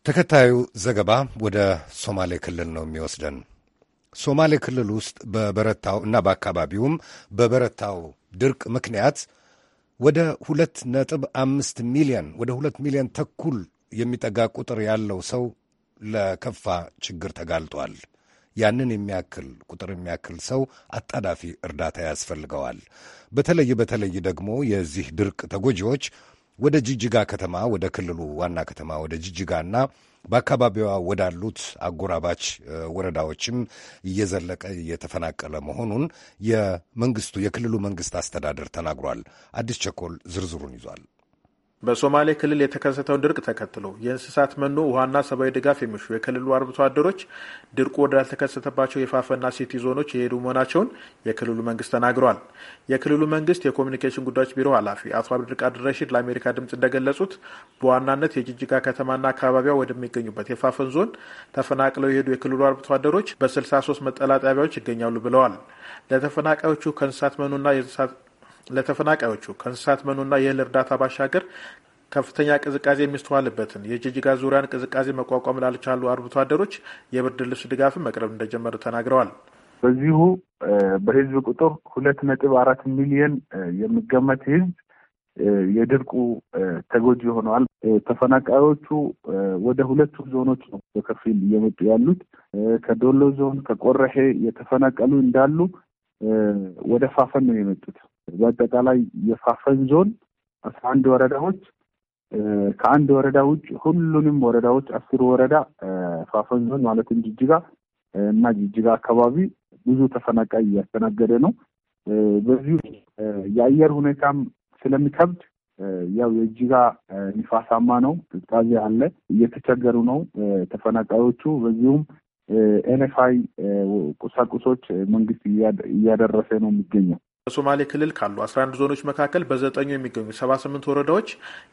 A: ተከታዩ ዘገባ ወደ ሶማሌ ክልል ነው የሚወስደን። ሶማሌ ክልል ውስጥ በበረታው እና በአካባቢውም በበረታው ድርቅ ምክንያት ወደ ሁለት ነጥብ አምስት ሚሊዮን ወደ ሁለት ሚሊዮን ተኩል የሚጠጋ ቁጥር ያለው ሰው ለከፋ ችግር ተጋልጧል። ያንን የሚያክል ቁጥር የሚያክል ሰው አጣዳፊ እርዳታ ያስፈልገዋል። በተለይ በተለይ ደግሞ የዚህ ድርቅ ተጎጂዎች ወደ ጅጅጋ ከተማ ወደ ክልሉ ዋና ከተማ ወደ ጅጅጋና በአካባቢዋ ወዳሉት አጎራባች ወረዳዎችም እየዘለቀ እየተፈናቀለ መሆኑን የመንግስቱ የክልሉ መንግስት አስተዳደር ተናግሯል። አዲስ ቸኮል ዝርዝሩን ይዟል።
K: በሶማሌ ክልል የተከሰተውን ድርቅ ተከትሎ የእንስሳት መኖ፣ ውሃና ሰብአዊ ድጋፍ የሚሹ የክልሉ አርብቶ አደሮች ድርቁ ወዳልተከሰተባቸው የፋፈና ሲቲ ዞኖች የሄዱ መሆናቸውን የክልሉ መንግስት ተናግረዋል። የክልሉ መንግስት የኮሚኒኬሽን ጉዳዮች ቢሮ ኃላፊ አቶ አብዱልቃድር ረሺድ ለአሜሪካ ድምፅ እንደገለጹት በዋናነት የጅጅጋ ከተማና አካባቢያ ወደሚገኙበት የፋፈን ዞን ተፈናቅለው የሄዱ የክልሉ አርብቶ አደሮች በ63 መጠላ ጣቢያዎች ይገኛሉ ብለዋል። ለተፈናቃዮቹ ከእንስሳት መኖና የእንስሳት ለተፈናቃዮቹ ከእንስሳት መኖና የእህል እርዳታ ባሻገር ከፍተኛ ቅዝቃዜ የሚስተዋልበትን የጅጅጋ ዙሪያን ቅዝቃዜ መቋቋም ላልቻሉ አርብቶ አደሮች የብርድ ልብስ ድጋፍን መቅረብ እንደጀመሩ ተናግረዋል። በዚሁ በህዝብ ቁጥር ሁለት ነጥብ አራት ሚሊዮን
L: የሚገመት ህዝብ የድርቁ ተጎጂ ሆነዋል። ተፈናቃዮቹ ወደ ሁለቱ ዞኖች ነው በከፊል እየመጡ ያሉት። ከዶሎ ዞን ከቆረሄ የተፈናቀሉ እንዳሉ ወደ ፋፈን ነው የመጡት። በአጠቃላይ የፋፈን ዞን አስራ አንድ ወረዳዎች ከአንድ ወረዳ ውጭ ሁሉንም ወረዳዎች አስሩ ወረዳ ፋፈን ዞን ማለትም ጅጅጋ እና ጅጅጋ አካባቢ ብዙ ተፈናቃይ እያስተናገደ ነው። በዚሁ የአየር ሁኔታም ስለሚከብድ ያው የእጅጋ ንፋሳማ ነው፣ ቅዝቃዜ አለ። እየተቸገሩ ነው ተፈናቃዮቹ። በዚሁም ኤንኤፍአይ ቁሳቁሶች መንግስት እያደረሰ ነው የሚገኘው።
K: በሶማሌ ክልል ካሉ 11 ዞኖች መካከል በዘጠኙ የሚገኙ 78 ወረዳዎች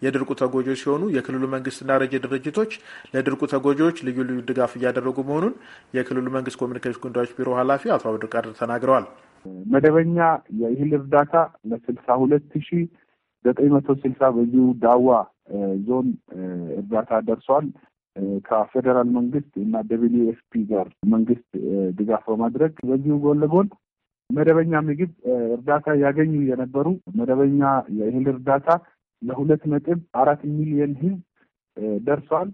K: የድርቁ ተጎጂዎች ሲሆኑ የክልሉ መንግስትና ረጂ ድርጅቶች ለድርቁ ተጎጂዎች ልዩ ልዩ ድጋፍ እያደረጉ መሆኑን የክልሉ መንግስት ኮሚኒኬሽን ጉዳዮች ቢሮ ኃላፊ አቶ አብዱ ቃድር ተናግረዋል።
L: መደበኛ የእህል እርዳታ ለስልሳ ሁለት ሺ ዘጠኝ መቶ ስልሳ በዚሁ ዳዋ ዞን እርዳታ ደርሷል። ከፌዴራል መንግስት እና ደብሊዩ ጋር መንግስት ድጋፍ በማድረግ በዚሁ ጎን ለጎን መደበኛ ምግብ እርዳታ ያገኙ የነበሩ መደበኛ የእህል እርዳታ ለሁለት ነጥብ አራት ሚሊዮን ህዝብ ደርሷል።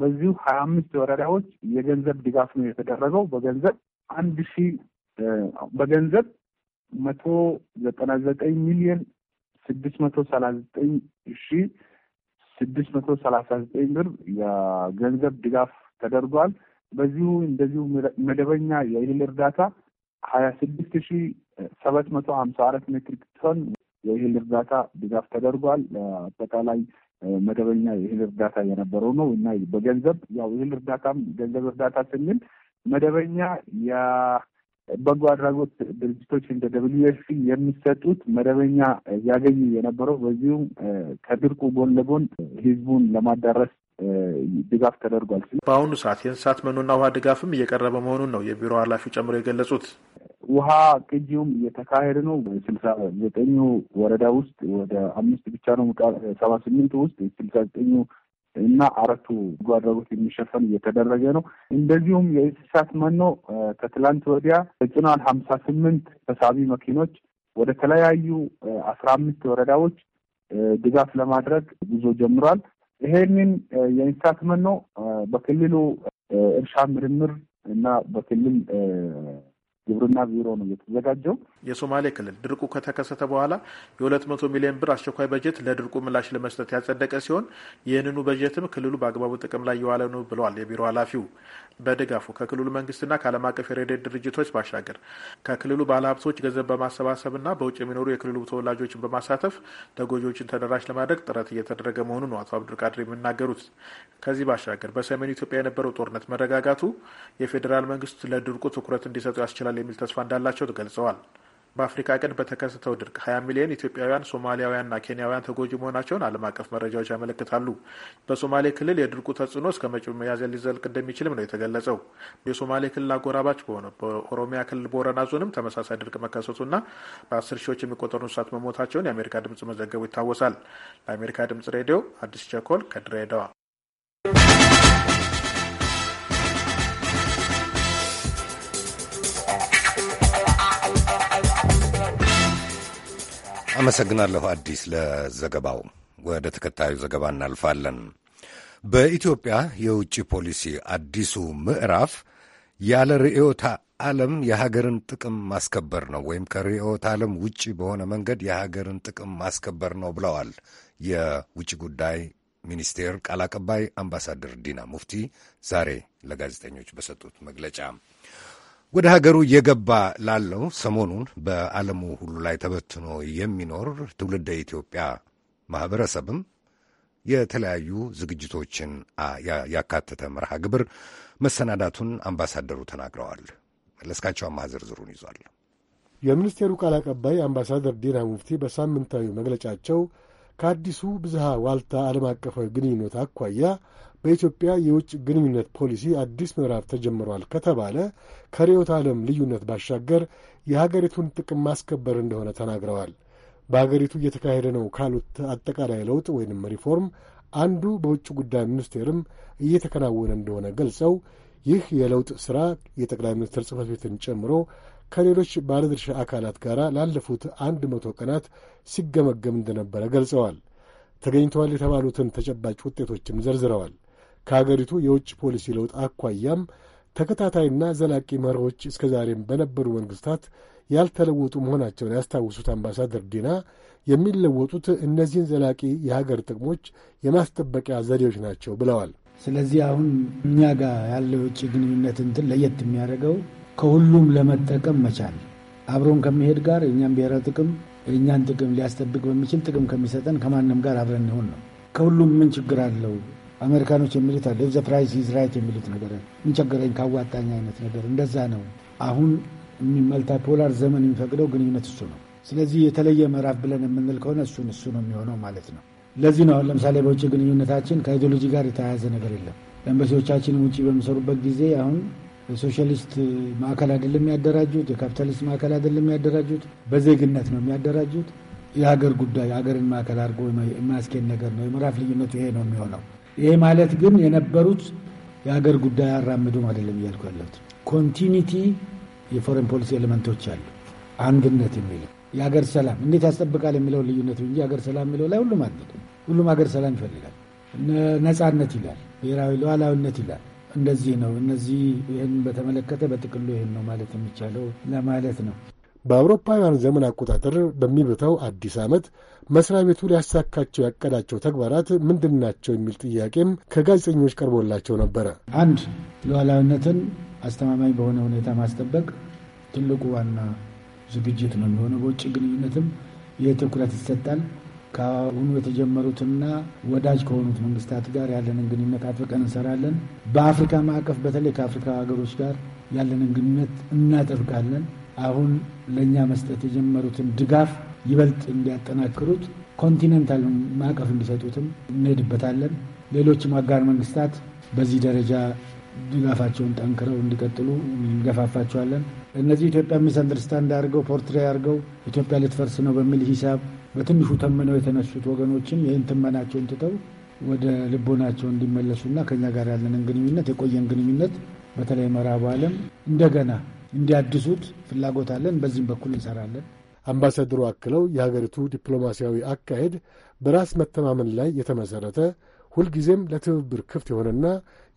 L: በዚሁ ሀያ አምስት ወረዳዎች የገንዘብ ድጋፍ ነው የተደረገው። በገንዘብ አንድ ሺ በገንዘብ መቶ ዘጠና ዘጠኝ ሚሊዮን ስድስት መቶ ሰላሳ ዘጠኝ ሺ ስድስት መቶ ሰላሳ ዘጠኝ ብር የገንዘብ ድጋፍ ተደርጓል። በዚሁ እንደዚሁ መደበኛ የእህል እርዳታ ሀያ ስድስት ሺ ሰባት መቶ ሀምሳ አራት ሜትሪክ ቶን የእህል እርዳታ ድጋፍ ተደርጓል። አጠቃላይ መደበኛ የእህል እርዳታ የነበረው ነው እና በገንዘብ ያው እህል እርዳታም ገንዘብ እርዳታ ስንል መደበኛ የበጎ አድራጎት ድርጅቶች እንደ ደብሊዩ ኤፍ ፒ የሚሰጡት መደበኛ ያገኙ የነበረው በዚሁም ከድርቁ ጎን ለጎን ህዝቡን ለማዳረስ
K: ድጋፍ ተደርጓል። በአሁኑ ሰዓት የእንስሳት መኖና ውሃ ድጋፍም እየቀረበ መሆኑን ነው የቢሮ ኃላፊው ጨምሮ የገለጹት።
L: ውሃ ቅጂውም እየተካሄደ ነው። ስልሳ ዘጠኙ ወረዳ ውስጥ ወደ አምስት ብቻ ነው ሰባ ስምንቱ ውስጥ ስልሳ ዘጠኙ እና አራቱ በጎ አድራጎት የሚሸፈን እየተደረገ ነው። እንደዚሁም የእንስሳት መኖ ከትላንት ወዲያ ተጭኗል። ሀምሳ ስምንት ተሳቢ መኪኖች ወደ ተለያዩ አስራ አምስት ወረዳዎች ድጋፍ ለማድረግ ጉዞ ጀምሯል። ይሄንን የእንስሳት መኖ በክልሉ እርሻ ምርምር እና በክልል
K: ግብርና ቢሮ ነው የተዘጋጀው። የሶማሌ ክልል ድርቁ ከተከሰተ በኋላ የሁለት መቶ ሚሊዮን ብር አስቸኳይ በጀት ለድርቁ ምላሽ ለመስጠት ያጸደቀ ሲሆን ይህንኑ በጀትም ክልሉ በአግባቡ ጥቅም ላይ የዋለ ነው ብለዋል የቢሮ ኃላፊው። በድጋፉ ከክልሉ መንግስትና ከዓለም አቀፍ የረድኤት ድርጅቶች ባሻገር ከክልሉ ባለሀብቶች ገንዘብ በማሰባሰብና በውጭ የሚኖሩ የክልሉ ተወላጆችን በማሳተፍ ተጎጂዎችን ተደራሽ ለማድረግ ጥረት እየተደረገ መሆኑ ነው አቶ አብዱልቃድር የሚናገሩት። ከዚህ ባሻገር በሰሜን ኢትዮጵያ የነበረው ጦርነት መረጋጋቱ የፌዴራል መንግስት ለድርቁ ትኩረት እንዲሰጡ ያስችላል የሚል ተስፋ እንዳላቸው ገልጸዋል። በአፍሪካ ቀንድ በተከሰተው ድርቅ 20 ሚሊዮን ኢትዮጵያውያን ሶማሊያውያንና ኬንያውያን ተጎጂ መሆናቸውን ዓለም አቀፍ መረጃዎች ያመለክታሉ። በሶማሌ ክልል የድርቁ ተጽዕኖ እስከ መጪው ሚያዝያ ሊዘልቅ እንደሚችልም ነው የተገለጸው። የሶማሌ ክልል አጎራባች በሆነ በኦሮሚያ ክልል ቦረና ዞንም ተመሳሳይ ድርቅ መከሰቱና በአስር ሺዎች የሚቆጠሩ እንስሳት መሞታቸውን የአሜሪካ ድምጽ መዘገቡ ይታወሳል። ለአሜሪካ ድምጽ ሬዲዮ አዲስ ቸኮል ከድሬዳዋ
A: አመሰግናለሁ አዲስ ለዘገባው። ወደ ተከታዩ ዘገባ እናልፋለን። በኢትዮጵያ የውጭ ፖሊሲ አዲሱ ምዕራፍ ያለ ርዕዮተ ዓለም የሀገርን ጥቅም ማስከበር ነው ወይም ከርዕዮተ ዓለም ውጭ በሆነ መንገድ የሀገርን ጥቅም ማስከበር ነው ብለዋል የውጭ ጉዳይ ሚኒስቴር ቃል አቀባይ አምባሳደር ዲና ሙፍቲ ዛሬ ለጋዜጠኞች በሰጡት መግለጫ ወደ ሀገሩ እየገባ ላለው ሰሞኑን በዓለሙ ሁሉ ላይ ተበትኖ የሚኖር ትውልደ ኢትዮጵያ ማኅበረሰብም የተለያዩ ዝግጅቶችን ያካተተ መርሃ ግብር መሰናዳቱን አምባሳደሩ ተናግረዋል። መለስካቸው አማረ ዝርዝሩን ይዟል።
M: የሚኒስቴሩ ቃል አቀባይ አምባሳደር ዲና ሙፍቲ በሳምንታዊ መግለጫቸው ከአዲሱ ብዝሃ ዋልታ ዓለም አቀፋዊ ግንኙነት አኳያ በኢትዮጵያ የውጭ ግንኙነት ፖሊሲ አዲስ ምዕራፍ ተጀምሯል ከተባለ ከርዕዮተ ዓለም ልዩነት ባሻገር የሀገሪቱን ጥቅም ማስከበር እንደሆነ ተናግረዋል። በሀገሪቱ እየተካሄደ ነው ካሉት አጠቃላይ ለውጥ ወይንም ሪፎርም አንዱ በውጭ ጉዳይ ሚኒስቴርም እየተከናወነ እንደሆነ ገልጸው ይህ የለውጥ ሥራ የጠቅላይ ሚኒስትር ጽህፈት ቤትን ጨምሮ ከሌሎች ባለድርሻ አካላት ጋር ላለፉት አንድ መቶ ቀናት ሲገመገም እንደነበረ ገልጸዋል። ተገኝተዋል የተባሉትን ተጨባጭ ውጤቶችም ዘርዝረዋል። ከአገሪቱ የውጭ ፖሊሲ ለውጥ አኳያም ተከታታይና ዘላቂ መርሆች ዛሬም በነበሩ መንግስታት ያልተለወጡ መሆናቸውን ያስታውሱት አምባሳደር ዲና የሚለወጡት እነዚህን ዘላቂ የሀገር ጥቅሞች የማስጠበቂያ ዘዴዎች ናቸው
C: ብለዋል። ስለዚህ አሁን እኛ ጋር ያለው የውጭ ግንኙነት እንትን ለየት የሚያደርገው ከሁሉም ለመጠቀም መቻል አብሮን ከሚሄድ ጋር እኛም ብሔራዊ ጥቅም የእኛን ጥቅም ሊያስጠብቅ በሚችል ጥቅም ከሚሰጠን ከማንም ጋር አብረን ይሆን ነው። ከሁሉም ምን ችግር አለው አሜሪካኖች የሚሉት አለ ዘ ፕራይስ ኢዝ ራይት የሚሉት ነገር እንቸገረኝ ካዋጣኝ አይነት ነገር እንደዛ ነው። አሁን መልቲ ፖላር ዘመን የሚፈቅደው ግንኙነት እሱ ነው። ስለዚህ የተለየ ምዕራፍ ብለን የምንል ከሆነ እሱን እሱ ነው የሚሆነው ማለት ነው። ለዚህ ነው አሁን ለምሳሌ በውጭ ግንኙነታችን ከአይዲዮሎጂ ጋር የተያያዘ ነገር የለም። ኤምባሲዎቻችን ውጭ በሚሰሩበት ጊዜ አሁን የሶሻሊስት ማዕከል አይደለም የሚያደራጁት፣ የካፒታሊስት ማዕከል አይደለም የሚያደራጁት፣ በዜግነት ነው የሚያደራጁት። የሀገር ጉዳይ ሀገርን ማዕከል አድርጎ የማያስኬድ ነገር ነው። የምዕራፍ ልዩነቱ ይሄ ነው የሚሆነው። ይሄ ማለት ግን የነበሩት የሀገር ጉዳይ አራምዱም አይደለም እያልኩ ያለሁት ኮንቲኒቲ የፎሬን ፖሊሲ ኤሌመንቶች አሉ። አንድነት የሚል የሀገር ሰላም እንዴት ያስጠብቃል የሚለው ልዩነት እንጂ የሀገር ሰላም የሚለው ላይ ሁሉም አለ። ሁሉም ሀገር ሰላም ይፈልጋል። ነጻነት ይላል፣ ብሔራዊ ሉዓላዊነት ይላል። እንደዚህ ነው። እነዚህ ይህን በተመለከተ በጥቅሉ ይህን ነው ማለት የሚቻለው ለማለት ነው።
M: በአውሮፓውያን ዘመን አቆጣጠር በሚበታው አዲስ ዓመት መስሪያ ቤቱ ሊያሳካቸው ያቀዳቸው ተግባራት ምንድን ናቸው የሚል ጥያቄም ከጋዜጠኞች ቀርቦላቸው ነበረ።
C: አንድ ሉዓላዊነትን አስተማማኝ በሆነ ሁኔታ ማስጠበቅ ትልቁ ዋና ዝግጅት ነው የሚሆነው። በውጭ ግንኙነትም ይህ ትኩረት ይሰጣል። ከአሁኑ የተጀመሩትና ወዳጅ ከሆኑት መንግስታት ጋር ያለንን ግንኙነት አጥብቀን እንሰራለን። በአፍሪካ ማዕቀፍ በተለይ ከአፍሪካ ሀገሮች ጋር ያለንን ግንኙነት እናጠብቃለን። አሁን ለእኛ መስጠት የጀመሩትን ድጋፍ ይበልጥ እንዲያጠናክሩት ኮንቲኔንታል ማዕቀፍ እንዲሰጡትም እንሄድበታለን። ሌሎችም አጋር መንግስታት በዚህ ደረጃ ድጋፋቸውን ጠንክረው እንዲቀጥሉ እንገፋፋቸዋለን። እነዚህ ኢትዮጵያ ሚስ አንደርስታንድ አድርገው ፖርትሬ አድርገው ኢትዮጵያ ልትፈርስ ነው በሚል ሂሳብ በትንሹ ተምነው የተነሱት ወገኖችም ይህን ትመናቸውን ትተው ወደ ልቦናቸው እንዲመለሱና ከኛ ጋር ያለንን ግንኙነት የቆየን ግንኙነት በተለይ ምዕራቡ ዓለም እንደገና እንዲያድሱት ፍላጎት አለን። በዚህም በኩል እንሰራለን። አምባሳደሩ አክለው የሀገሪቱ
M: ዲፕሎማሲያዊ አካሄድ በራስ መተማመን ላይ የተመሠረተ ሁልጊዜም ለትብብር ክፍት የሆነና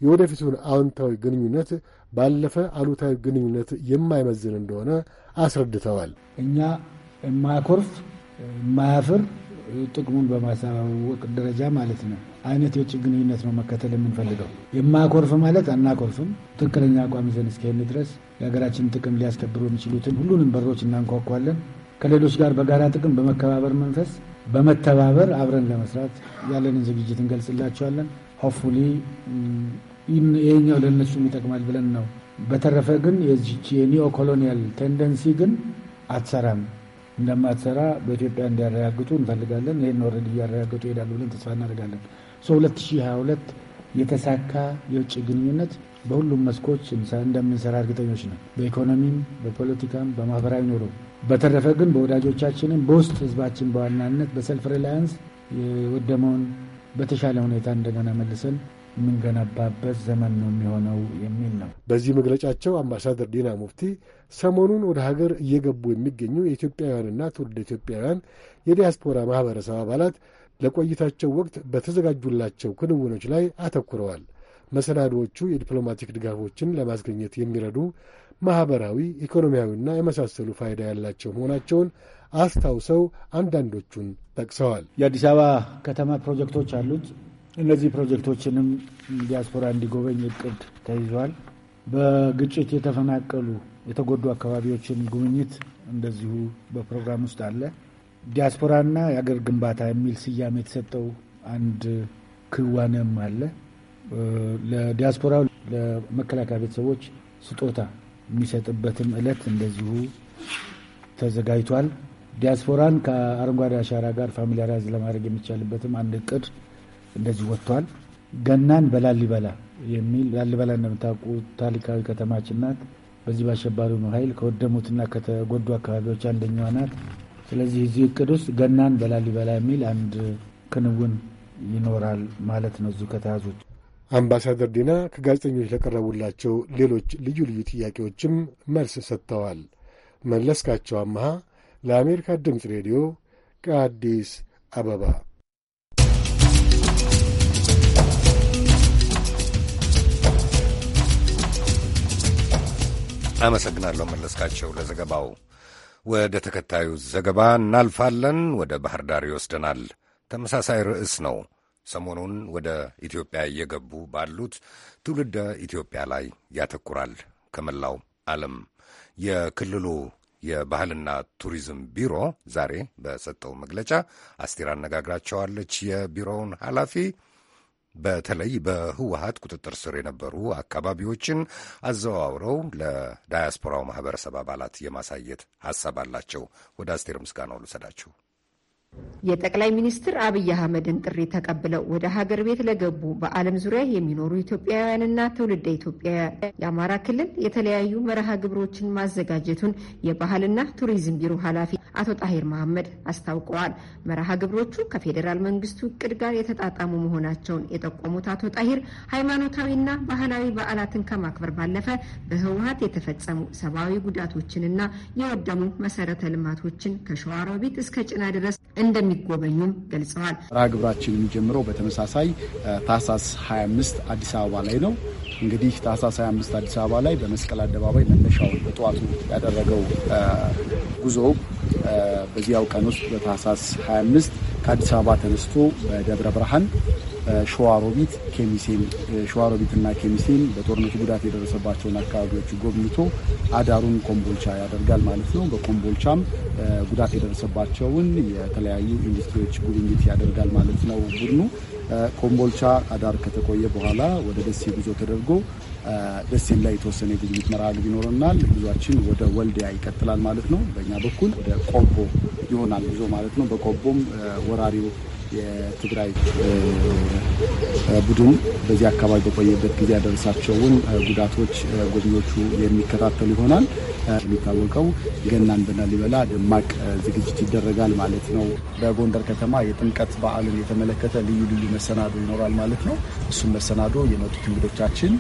M: የወደፊቱን አዎንታዊ ግንኙነት ባለፈ አሉታዊ ግንኙነት
C: የማይመዝን እንደሆነ አስረድተዋል። እኛ የማያኮርፍ የማያፍር ጥቅሙን በማሳወቅ ደረጃ ማለት ነው አይነት የውጭ ግንኙነት ነው መከተል የምንፈልገው። የማያኮርፍ ማለት አናኮርፍም። ትክክለኛ አቋም ይዘን እስከሄድን ድረስ የሀገራችንን ጥቅም ሊያስከብሩ የሚችሉትን ሁሉንም በሮች እናንኳኳለን። ከሌሎች ጋር በጋራ ጥቅም በመከባበር መንፈስ በመተባበር አብረን ለመስራት ያለንን ዝግጅት እንገልጽላቸዋለን። ሆፕፉሊ ይህኛው ለእነሱም ይጠቅማል ብለን ነው። በተረፈ ግን የዚች የኒኦ ኮሎኒያል ቴንደንሲ ግን አትሰራም እንደማትሰራ በኢትዮጵያ እንዲያረጋግጡ እንፈልጋለን። ይህን ኦልሬዲ እያረጋገጡ ይሄዳሉ ብለን ተስፋ እናደርጋለን። 2022 የተሳካ የውጭ ግንኙነት በሁሉም መስኮች እንደምንሰራ እርግጠኞች ነን። በኢኮኖሚም፣ በፖለቲካም፣ በማህበራዊ ኑሮ በተረፈ ግን በወዳጆቻችንም በውስጥ ህዝባችን በዋናነት በሰልፍ ሪላያንስ የወደመውን በተሻለ ሁኔታ እንደገና መልሰን የምንገነባበት ዘመን ነው የሚሆነው የሚል ነው።
M: በዚህ መግለጫቸው አምባሳደር ዲና ሙፍቲ ሰሞኑን ወደ ሀገር እየገቡ የሚገኙ የኢትዮጵያውያንና ትውልድ ኢትዮጵያውያን የዲያስፖራ ማህበረሰብ አባላት ለቆይታቸው ወቅት በተዘጋጁላቸው ክንውኖች ላይ አተኩረዋል። መሰናዶዎቹ የዲፕሎማቲክ ድጋፎችን ለማስገኘት የሚረዱ ማኅበራዊ፣ ኢኮኖሚያዊና የመሳሰሉ ፋይዳ ያላቸው መሆናቸውን አስታውሰው አንዳንዶቹን
C: ጠቅሰዋል። የአዲስ አበባ ከተማ ፕሮጀክቶች አሉት። እነዚህ ፕሮጀክቶችንም ዲያስፖራ እንዲጎበኝ እቅድ ተይዟል። በግጭት የተፈናቀሉ የተጎዱ አካባቢዎችን ጉብኝት እንደዚሁ በፕሮግራም ውስጥ አለ። ዲያስፖራና የአገር ግንባታ የሚል ስያሜ የተሰጠው አንድ ክዋኔም አለ። ለዲያስፖራው ለመከላከያ ቤተሰቦች ስጦታ የሚሰጥበትም እለት እንደዚሁ ተዘጋጅቷል። ዲያስፖራን ከአረንጓዴ አሻራ ጋር ፋሚሊያራይዝ ለማድረግ የሚቻልበትም አንድ እቅድ እንደዚሁ ወጥቷል። ገናን በላሊበላ የሚል ላሊበላ እንደምታውቁ ታሪካዊ ከተማችን ናት። በዚህ በአሸባሪው ኃይል ከወደሙትና ከተጎዱ አካባቢዎች አንደኛዋ ናት። ስለዚህ እዚህ እቅድ ውስጥ ገናን በላሊበላ የሚል አንድ ክንውን ይኖራል ማለት ነው። እዙ ከተያዙት
M: አምባሳደር ዲና ከጋዜጠኞች ለቀረቡላቸው ሌሎች ልዩ ልዩ ጥያቄዎችም መልስ ሰጥተዋል። መለስካቸው አመሃ ለአሜሪካ ድምፅ ሬዲዮ ከአዲስ አበባ
A: አመሰግናለሁ መለስካቸው ለዘገባው። ወደ ተከታዩ ዘገባ እናልፋለን። ወደ ባህር ዳር ይወስደናል። ተመሳሳይ ርዕስ ነው። ሰሞኑን ወደ ኢትዮጵያ እየገቡ ባሉት ትውልደ ኢትዮጵያ ላይ ያተኩራል። ከመላው ዓለም የክልሉ የባህልና ቱሪዝም ቢሮ ዛሬ በሰጠው መግለጫ አስቴር አነጋግራቸዋለች። የቢሮውን ኃላፊ በተለይ በህወሀት ቁጥጥር ስር የነበሩ አካባቢዎችን አዘዋውረው ለዳያስፖራው ማህበረሰብ አባላት የማሳየት ሀሳብ አላቸው። ወደ አስቴር ምስጋናው ልውሰዳችሁ።
N: የጠቅላይ ሚኒስትር አብይ አህመድን ጥሪ ተቀብለው ወደ ሀገር ቤት ለገቡ በዓለም ዙሪያ የሚኖሩ ኢትዮጵያውያንና ትውልደ ኢትዮጵያውያን የአማራ ክልል የተለያዩ መርሃ ግብሮችን ማዘጋጀቱን የባህልና ቱሪዝም ቢሮ ኃላፊ አቶ ጣሂር መሐመድ አስታውቀዋል። መርሃ ግብሮቹ ከፌዴራል መንግስቱ እቅድ ጋር የተጣጣሙ መሆናቸውን የጠቆሙት አቶ ጣሂር ሃይማኖታዊና ባህላዊ በዓላትን ከማክበር ባለፈ በህወሀት የተፈጸሙ ሰብአዊ ጉዳቶችንና የወደሙ መሰረተ ልማቶችን ከሸዋሮቢት እስከ ጭና ድረስ እንደሚጎበኙም ገልጸዋል።
I: ራ ግብራችን የሚጀምረው በተመሳሳይ ታህሳስ 25 አዲስ አበባ ላይ ነው። እንግዲህ ታህሳስ 25 አዲስ አበባ ላይ በመስቀል አደባባይ መነሻው በጠዋቱ ያደረገው ጉዞ በዚያው ቀን ውስጥ በታህሳስ 25 ከአዲስ አበባ ተነስቶ በደብረ ብርሃን ሸዋሮቢት ኬሚሴን ኬሚሴን በጦርነቱ ጉዳት የደረሰባቸውን አካባቢዎች ጎብኝቶ አዳሩን ኮምቦልቻ ያደርጋል ማለት ነው። በኮምቦልቻም ጉዳት የደረሰባቸውን የተለያዩ ኢንዱስትሪዎች ጉብኝት ያደርጋል ማለት ነው። ቡድኑ ኮምቦልቻ አዳር ከተቆየ በኋላ ወደ ደሴ ጉዞ ተደርጎ ደሴም ላይ የተወሰነ የጉብኝት መርሃ ግብር ይኖረናል። ጉዟችን ወደ ወልዲያ ይቀጥላል ማለት ነው። በእኛ በኩል ወደ ቆቦ ይሆናል ጉዞ ማለት ነው። በቆቦም ወራሪው የትግራይ ቡድን በዚህ አካባቢ በቆየበት ጊዜ ያደረሳቸውን ጉዳቶች ጎብኚዎቹ የሚከታተሉ ይሆናል። የሚታወቀው ገናን በላሊበላ ደማቅ ዝግጅት ይደረጋል ማለት ነው። በጎንደር ከተማ የጥምቀት በዓልን የተመለከተ ልዩ ልዩ መሰናዶ ይኖራል ማለት ነው። እሱም መሰናዶ የመጡት እንግዶቻችን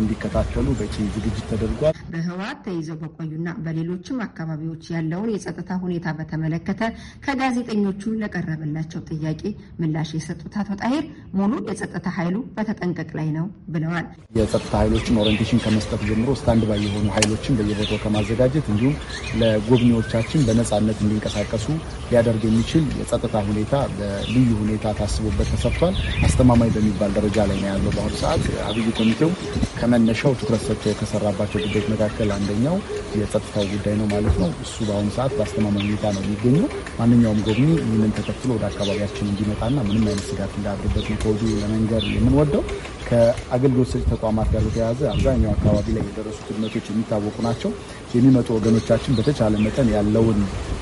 I: እንዲከታተሉ በቂ ዝግጅት ተደርጓል።
N: በህወሓት ተይዘው በቆዩና በሌሎችም አካባቢዎች ያለውን የጸጥታ ሁኔታ በተመለከተ ከጋዜጠኞቹ ለቀረበላቸው ጥያቄ ምላሽ የሰጡት አቶ ጣሄር ሙሉ የጸጥታ ኃይሉ በተጠንቀቅ ላይ ነው ብለዋል።
I: የጸጥታ ኃይሎችን ኦሪንቴሽን ከመስጠት ጀምሮ ስታንድ ባይ የሆኑ ኃይሎችን በየቦታው ከማዘጋጀት እንዲሁም ለጎብኚዎቻችን በነፃነት እንዲንቀሳቀሱ ሊያደርግ የሚችል የጸጥታ ሁኔታ በልዩ ሁኔታ ታስቦበት ተሰጥቷል። አስተማማኝ በሚባል ደረጃ ላይ ነው ያለው። በአሁኑ ሰዓት አብይ ኮሚቴው ከመነሻው ትኩረት ሰጥቶ የተሰራባቸው ጉዳዮች መካከል አንደኛው የጸጥታው ጉዳይ ነው ማለት ነው። እሱ በአሁኑ ሰዓት በአስተማማኝ ሁኔታ ነው የሚገኘው። ማንኛውም ጎብኚ ይህንን ተከትሎ ወደ አካባቢያችን እንዲመጣና ምንም አይነት ስጋት እንዳያድርበት ከወዲሁ ለመንገር የምንወደው ከአገልግሎት ሰጪ ተቋማት ጋር በተያያዘ አብዛኛው አካባቢ ላይ የደረሱ ትድመቶች የሚታወቁ ናቸው። የሚመጡ ወገኖቻችን በተቻለ መጠን ያለውን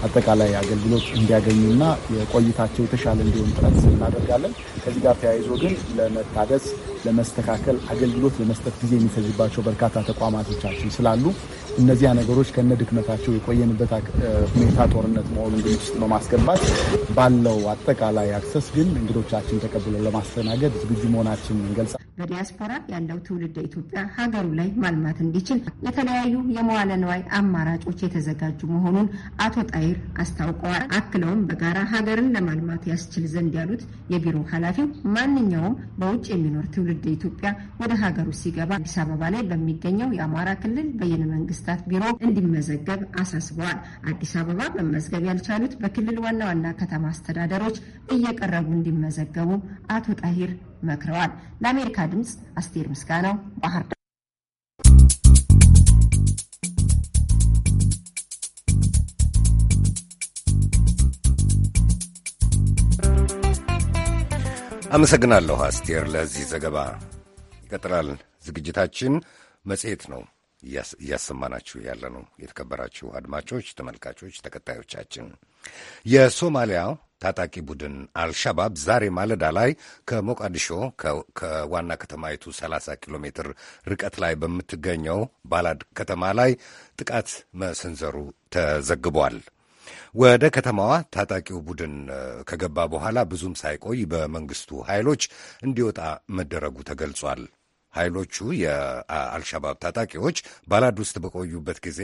I: አጠቃላይ አገልግሎት እንዲያገኙና የቆይታቸው የተሻለ እንዲሆን ጥረት እናደርጋለን። ከዚህ ጋር ተያይዞ ግን ለመታደስ ለመስተካከል፣ አገልግሎት ለመስጠት ጊዜ የሚፈጅባቸው በርካታ ተቋማቶቻችን ስላሉ እነዚያ ነገሮች ከነ ድክመታቸው የቆየንበት ሁኔታ ጦርነት መሆኑን ግምት ውስጥ በማስገባት ባለው አጠቃላይ አክሰስ ግን እንግዶቻችን ተቀብለው ለማስተናገድ ዝግጁ መሆናችን እንገልጻል።
N: በዲያስፖራ ያለው ትውልድ ኢትዮጵያ ሀገሩ ላይ ማልማት እንዲችል የተለያዩ የመዋለ ንዋይ አማራጮች የተዘጋጁ መሆኑን አቶ ጣይር አስታውቀዋል። አክለውም በጋራ ሀገርን ለማልማት ያስችል ዘንድ ያሉት የቢሮ ኃላፊው ማንኛውም በውጭ የሚኖር ትውልድ ኢትዮጵያ ወደ ሀገሩ ሲገባ አዲስ አበባ ላይ በሚገኘው የአማራ ክልል በይነ መንግስት ማስረዳት ቢሮ እንዲመዘገብ አሳስበዋል። አዲስ አበባ መመዝገብ ያልቻሉት በክልል ዋና ዋና ከተማ አስተዳደሮች እየቀረቡ እንዲመዘገቡ አቶ ጣሂር መክረዋል። ለአሜሪካ ድምፅ አስቴር ምስጋናው ባህር ዳር።
A: አመሰግናለሁ አስቴር ለዚህ ዘገባ። ይቀጥላል ዝግጅታችን። መጽሔት ነው። እያሰማናችሁ ያለ ነው። የተከበራችሁ አድማጮች፣ ተመልካቾች፣ ተከታዮቻችን የሶማሊያ ታጣቂ ቡድን አልሻባብ ዛሬ ማለዳ ላይ ከሞቃዲሾ ከዋና ከተማይቱ 30 ኪሎ ሜትር ርቀት ላይ በምትገኘው ባላድ ከተማ ላይ ጥቃት መሰንዘሩ ተዘግቧል። ወደ ከተማዋ ታጣቂው ቡድን ከገባ በኋላ ብዙም ሳይቆይ በመንግስቱ ኃይሎች እንዲወጣ መደረጉ ተገልጿል። ኃይሎቹ የአልሻባብ ታጣቂዎች ባላድ ውስጥ በቆዩበት ጊዜ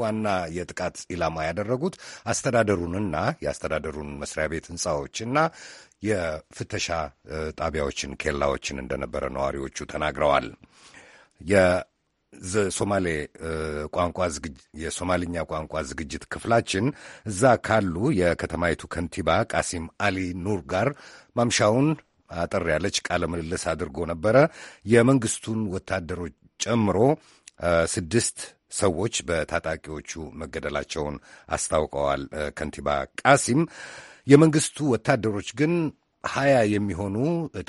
A: ዋና የጥቃት ኢላማ ያደረጉት አስተዳደሩንና የአስተዳደሩን መስሪያ ቤት ህንፃዎችና የፍተሻ ጣቢያዎችን፣ ኬላዎችን እንደነበረ ነዋሪዎቹ ተናግረዋል። ሶማሌ ቋንቋ የሶማልኛ ቋንቋ ዝግጅት ክፍላችን እዛ ካሉ የከተማይቱ ከንቲባ ቃሲም አሊ ኑር ጋር ማምሻውን አጠር ያለች ቃለ ምልልስ አድርጎ ነበረ። የመንግስቱን ወታደሮች ጨምሮ ስድስት ሰዎች በታጣቂዎቹ መገደላቸውን አስታውቀዋል ከንቲባ ቃሲም። የመንግስቱ ወታደሮች ግን ሀያ የሚሆኑ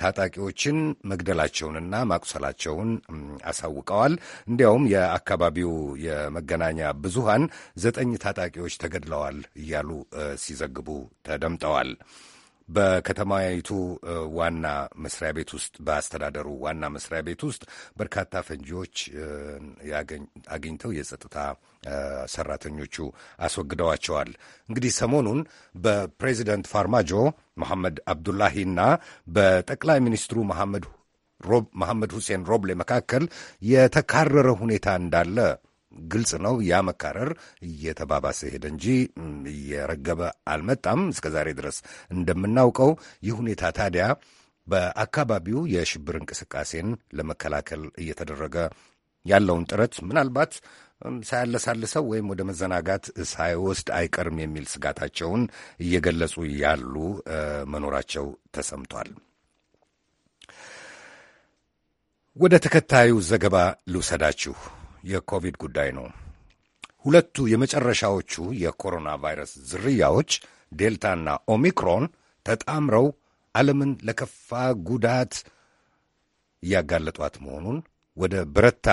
A: ታጣቂዎችን መግደላቸውንና ማቁሰላቸውን አሳውቀዋል። እንዲያውም የአካባቢው የመገናኛ ብዙሃን ዘጠኝ ታጣቂዎች ተገድለዋል እያሉ ሲዘግቡ ተደምጠዋል። በከተማይቱ ዋና መስሪያ ቤት ውስጥ በአስተዳደሩ ዋና መስሪያ ቤት ውስጥ በርካታ ፈንጂዎች አግኝተው የጸጥታ ሰራተኞቹ አስወግደዋቸዋል። እንግዲህ ሰሞኑን በፕሬዚደንት ፋርማጆ መሐመድ አብዱላሂና በጠቅላይ ሚኒስትሩ መሐመድ ሁሴን ሮብሌ መካከል የተካረረ ሁኔታ እንዳለ ግልጽ ነው። ያ መካረር እየተባባሰ ሄደ እንጂ እየረገበ አልመጣም እስከ ዛሬ ድረስ እንደምናውቀው። ይህ ሁኔታ ታዲያ በአካባቢው የሽብር እንቅስቃሴን ለመከላከል እየተደረገ ያለውን ጥረት ምናልባት ሳያለሳልሰው ወይም ወደ መዘናጋት ሳይወስድ አይቀርም የሚል ስጋታቸውን እየገለጹ ያሉ መኖራቸው ተሰምቷል። ወደ ተከታዩ ዘገባ ልውሰዳችሁ። የኮቪድ ጉዳይ ነው። ሁለቱ የመጨረሻዎቹ የኮሮና ቫይረስ ዝርያዎች ዴልታና ኦሚክሮን ተጣምረው ዓለምን ለከፋ ጉዳት እያጋለጧት መሆኑን ወደ በረታ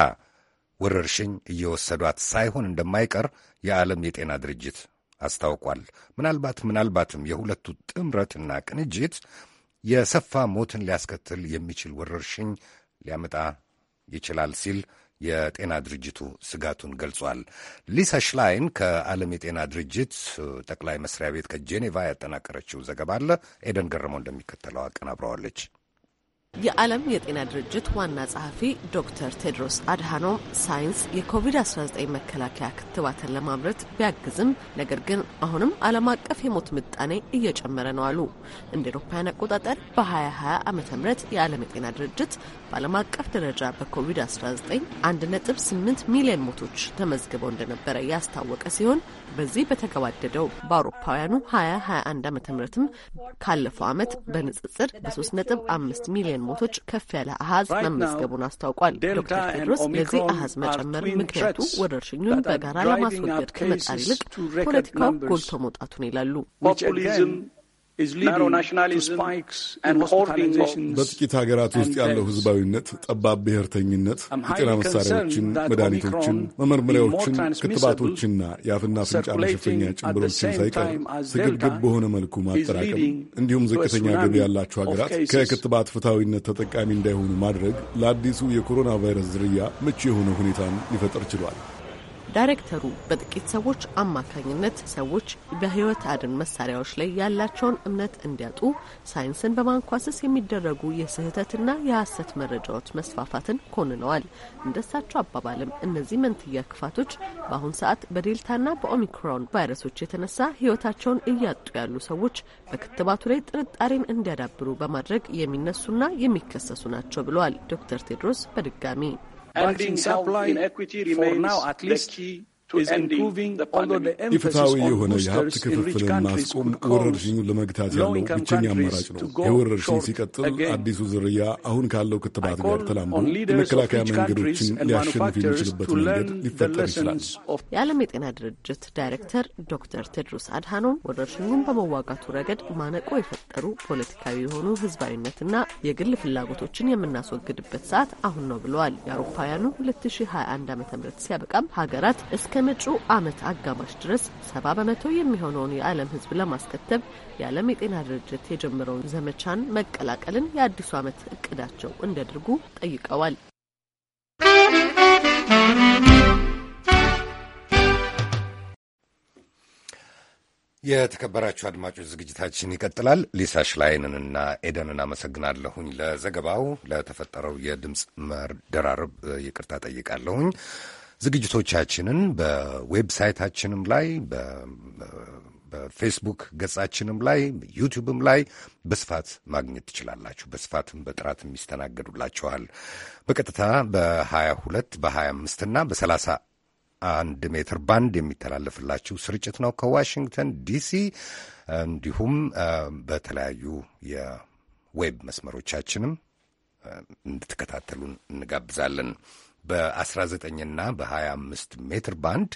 A: ወረርሽኝ እየወሰዷት ሳይሆን እንደማይቀር የዓለም የጤና ድርጅት አስታውቋል። ምናልባት ምናልባትም የሁለቱ ጥምረትና ቅንጅት የሰፋ ሞትን ሊያስከትል የሚችል ወረርሽኝ ሊያመጣ ይችላል ሲል የጤና ድርጅቱ ስጋቱን ገልጿል። ሊሳ ሽላይን ከዓለም የጤና ድርጅት ጠቅላይ መስሪያ ቤት ከጄኔቫ ያጠናቀረችው ዘገባ አለ። ኤደን ገረመው እንደሚከተለው አቀናብረዋለች።
O: የዓለም የጤና ድርጅት ዋና ጸሐፊ ዶክተር ቴድሮስ አድሃኖም ሳይንስ የኮቪድ-19 መከላከያ ክትባትን ለማምረት ቢያግዝም ነገር ግን አሁንም ዓለም አቀፍ የሞት ምጣኔ እየጨመረ ነው አሉ። እንደ ኤሮፓያን አቆጣጠር በ2020 ዓ ም የዓለም የጤና ድርጅት በዓለም አቀፍ ደረጃ በኮቪድ-19 1.8 ሚሊዮን ሞቶች ተመዝግበው እንደነበረ ያስታወቀ ሲሆን በዚህ በተገባደደው በአውሮፓውያኑ 2021 ዓ ምም ካለፈው ዓመት በንጽጽር በ3.5 ሚሊዮን ንጹሐን ሞቶች ከፍ ያለ አሀዝ መመዝገቡን አስታውቋል። ዶክተር ቴድሮስ ለዚህ አሀዝ መጨመር ምክንያቱ ወረርሽኙን በጋራ ለማስወገድ ከመጣር ይልቅ ፖለቲካው ጎልቶ መውጣቱን ይላሉ።
E: በጥቂት ሀገራት ውስጥ ያለው
F: ህዝባዊነት ጠባብ ብሔርተኝነት የጤና መሳሪያዎችን፣ መድኃኒቶችን፣ መመርመሪያዎችን፣ ክትባቶችና የአፍና አፍንጫ መሸፈኛ ጭንብሮችን ሳይቀር ስግብግብ በሆነ መልኩ ማጠራቀም እንዲሁም ዝቅተኛ ገቢ ያላቸው ሀገራት ከክትባት ፍትሐዊነት ተጠቃሚ እንዳይሆኑ ማድረግ ለአዲሱ የኮሮና ቫይረስ ዝርያ ምቹ የሆነ ሁኔታን ሊፈጥር ችሏል።
O: ዳይሬክተሩ በጥቂት ሰዎች አማካኝነት ሰዎች በህይወት አድን መሳሪያዎች ላይ ያላቸውን እምነት እንዲያጡ፣ ሳይንስን በማንኳሰስ የሚደረጉ የስህተትና የሐሰት መረጃዎች መስፋፋትን ኮንነዋል። እንደሳቸው አባባልም እነዚህ መንትያ ክፋቶች በአሁን ሰዓት በዴልታና በኦሚክሮን ቫይረሶች የተነሳ ህይወታቸውን እያጡ ያሉ ሰዎች በክትባቱ ላይ ጥርጣሬን እንዲያዳብሩ በማድረግ የሚነሱና የሚከሰሱ ናቸው ብለዋል ዶክተር ቴድሮስ በድጋሚ and being supply, in equity remains now, at least, the
F: key
L: ኢፍትሐዊ የሆነ የሀብት ክፍፍልን ማስቆም ወረርሽኙን
F: ለመግታት ያለው ብቸኛ አማራጭ ነው። የወረርሽኝ ሲቀጥል አዲሱ ዝርያ አሁን ካለው ክትባት ጋር ተላምዶ የመከላከያ መንገዶችን ሊያሸንፍ የሚችልበት መንገድ ሊፈጠር ይችላል።
O: የዓለም የጤና ድርጅት ዳይሬክተር ዶክተር ቴድሮስ አድሃኖም ወረርሽኙን በመዋጋቱ ረገድ ማነቆ የፈጠሩ ፖለቲካዊ የሆኑ ህዝባዊነትና የግል ፍላጎቶችን የምናስወግድበት ሰዓት አሁን ነው ብለዋል። የአውሮፓውያኑ 2021 ዓ ም ሲያበቃም ሀገራት እስከ መጪው ዓመት አጋማሽ ድረስ ሰባ በመቶ የሚሆነውን የዓለም ሕዝብ ለማስከተብ የዓለም የጤና ድርጅት የጀመረውን ዘመቻን መቀላቀልን የአዲሱ ዓመት እቅዳቸው እንዲያደርጉ ጠይቀዋል።
A: የተከበራችሁ አድማጮች ዝግጅታችን ይቀጥላል። ሊሳ ሽላይንንና ኤደንን አመሰግናለሁኝ ለዘገባው። ለተፈጠረው የድምፅ መደራረብ ይቅርታ ጠይቃለሁኝ። ዝግጅቶቻችንን በዌብሳይታችንም ላይ በፌስቡክ ገጻችንም ላይ ዩቲዩብም ላይ በስፋት ማግኘት ትችላላችሁ። በስፋትም በጥራትም ይስተናገዱላችኋል። በቀጥታ በ22 በ25 እና በ30 አንድ ሜትር ባንድ የሚተላለፍላችሁ ስርጭት ነው ከዋሽንግተን ዲሲ እንዲሁም በተለያዩ የዌብ መስመሮቻችንም እንድትከታተሉን እንጋብዛለን። በ19ና በ25 ሜትር ባንድ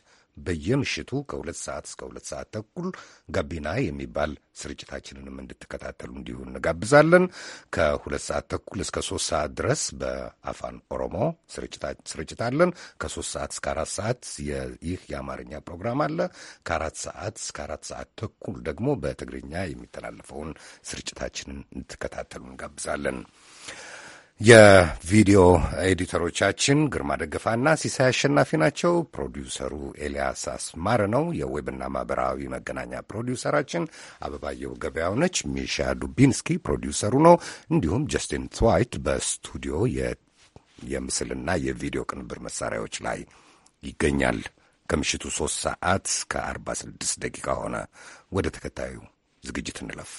A: በየምሽቱ ከሁለት ሰዓት እስከ ሁለት ሰዓት ተኩል ጋቢና የሚባል ስርጭታችንንም እንድትከታተሉ እንዲሁ እንጋብዛለን። ከሁለት ሰዓት ተኩል እስከ ሶስት ሰዓት ድረስ በአፋን ኦሮሞ ስርጭታለን። ከሶስት ሰዓት እስከ አራት ሰዓት ይህ የአማርኛ ፕሮግራም አለ። ከአራት ሰዓት እስከ አራት ሰዓት ተኩል ደግሞ በትግርኛ የሚተላለፈውን ስርጭታችንን እንድትከታተሉ እንጋብዛለን። የቪዲዮ ኤዲተሮቻችን ግርማ ደገፋና ሲሳይ አሸናፊ ናቸው። ፕሮዲውሰሩ ኤልያስ አስማር ነው። የዌብና ማህበራዊ መገናኛ ፕሮዲውሰራችን አበባየሁ ገበያው ነች። ሚሻ ዱቢንስኪ ፕሮዲውሰሩ ነው። እንዲሁም ጀስቲን ትዋይት በስቱዲዮ የምስልና የቪዲዮ ቅንብር መሳሪያዎች ላይ ይገኛል። ከምሽቱ ሶስት ሰዓት ከ ስድስት ደቂቃ ሆነ። ወደ ተከታዩ ዝግጅት እንለፍ።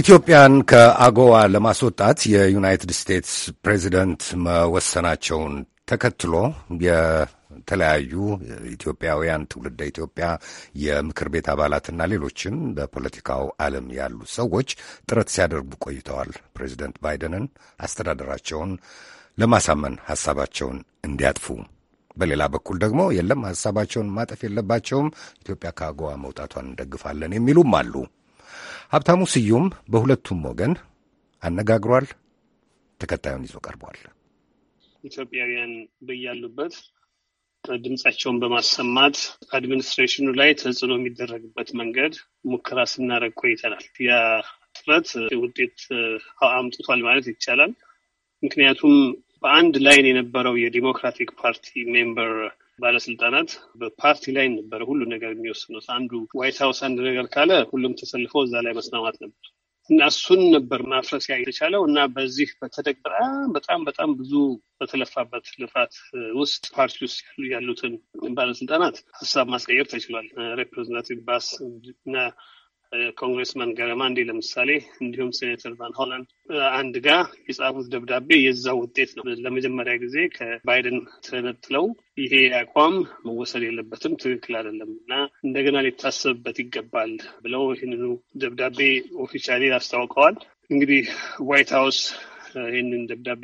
A: ኢትዮጵያን ከአጎዋ ለማስወጣት የዩናይትድ ስቴትስ ፕሬዚደንት መወሰናቸውን ተከትሎ የተለያዩ ኢትዮጵያውያን ትውልደ ኢትዮጵያ የምክር ቤት አባላትና ሌሎችን በፖለቲካው ዓለም ያሉ ሰዎች ጥረት ሲያደርጉ ቆይተዋል። ፕሬዚደንት ባይደንን አስተዳደራቸውን ለማሳመን ሀሳባቸውን እንዲያጥፉ በሌላ በኩል ደግሞ የለም ሀሳባቸውን ማጠፍ የለባቸውም፣ ኢትዮጵያ ከአጎዋ መውጣቷን እንደግፋለን የሚሉም አሉ። ሀብታሙ ስዩም በሁለቱም ወገን አነጋግሯል። ተከታዩን ይዞ ቀርቧል።
J: ኢትዮጵያውያን በያሉበት ድምጻቸውን በማሰማት አድሚኒስትሬሽኑ ላይ ተጽዕኖ የሚደረግበት መንገድ ሙከራ ስናደርግ ቆይተናል። ያ ጥረት ውጤት አምጥቷል ማለት ይቻላል። ምክንያቱም በአንድ ላይን የነበረው የዲሞክራቲክ ፓርቲ ሜምበር ባለስልጣናት በፓርቲ ላይ ነበረ ሁሉ ነገር የሚወስኑት። አንዱ ዋይት ሀውስ አንድ ነገር ካለ ሁሉም ተሰልፎ እዛ ላይ መስማማት ነበር እና እሱን ነበር ማፍረስ የተቻለው እና በዚህ በተደግ በጣም በጣም በጣም ብዙ በተለፋበት ልፋት ውስጥ ፓርቲ ውስጥ ያሉትን ባለስልጣናት ሀሳብ ማስቀየር ተችሏል። ሬፕሬዘንታቲቭ ባስ እና ኮንግሬስመን ገረማ እንዲ ለምሳሌ እንዲሁም ሴኔተር ቫን ሆለን አንድ ጋር የጻፉት ደብዳቤ የዛ ውጤት ነው። ለመጀመሪያ ጊዜ ከባይደን ተነጥለው ይሄ አቋም መወሰድ የለበትም፣ ትክክል አይደለም እና እንደገና ሊታሰብበት ይገባል ብለው ይህንኑ ደብዳቤ ኦፊሻሊ አስታውቀዋል። እንግዲህ ዋይት ሀውስ ይህንን ደብዳቤ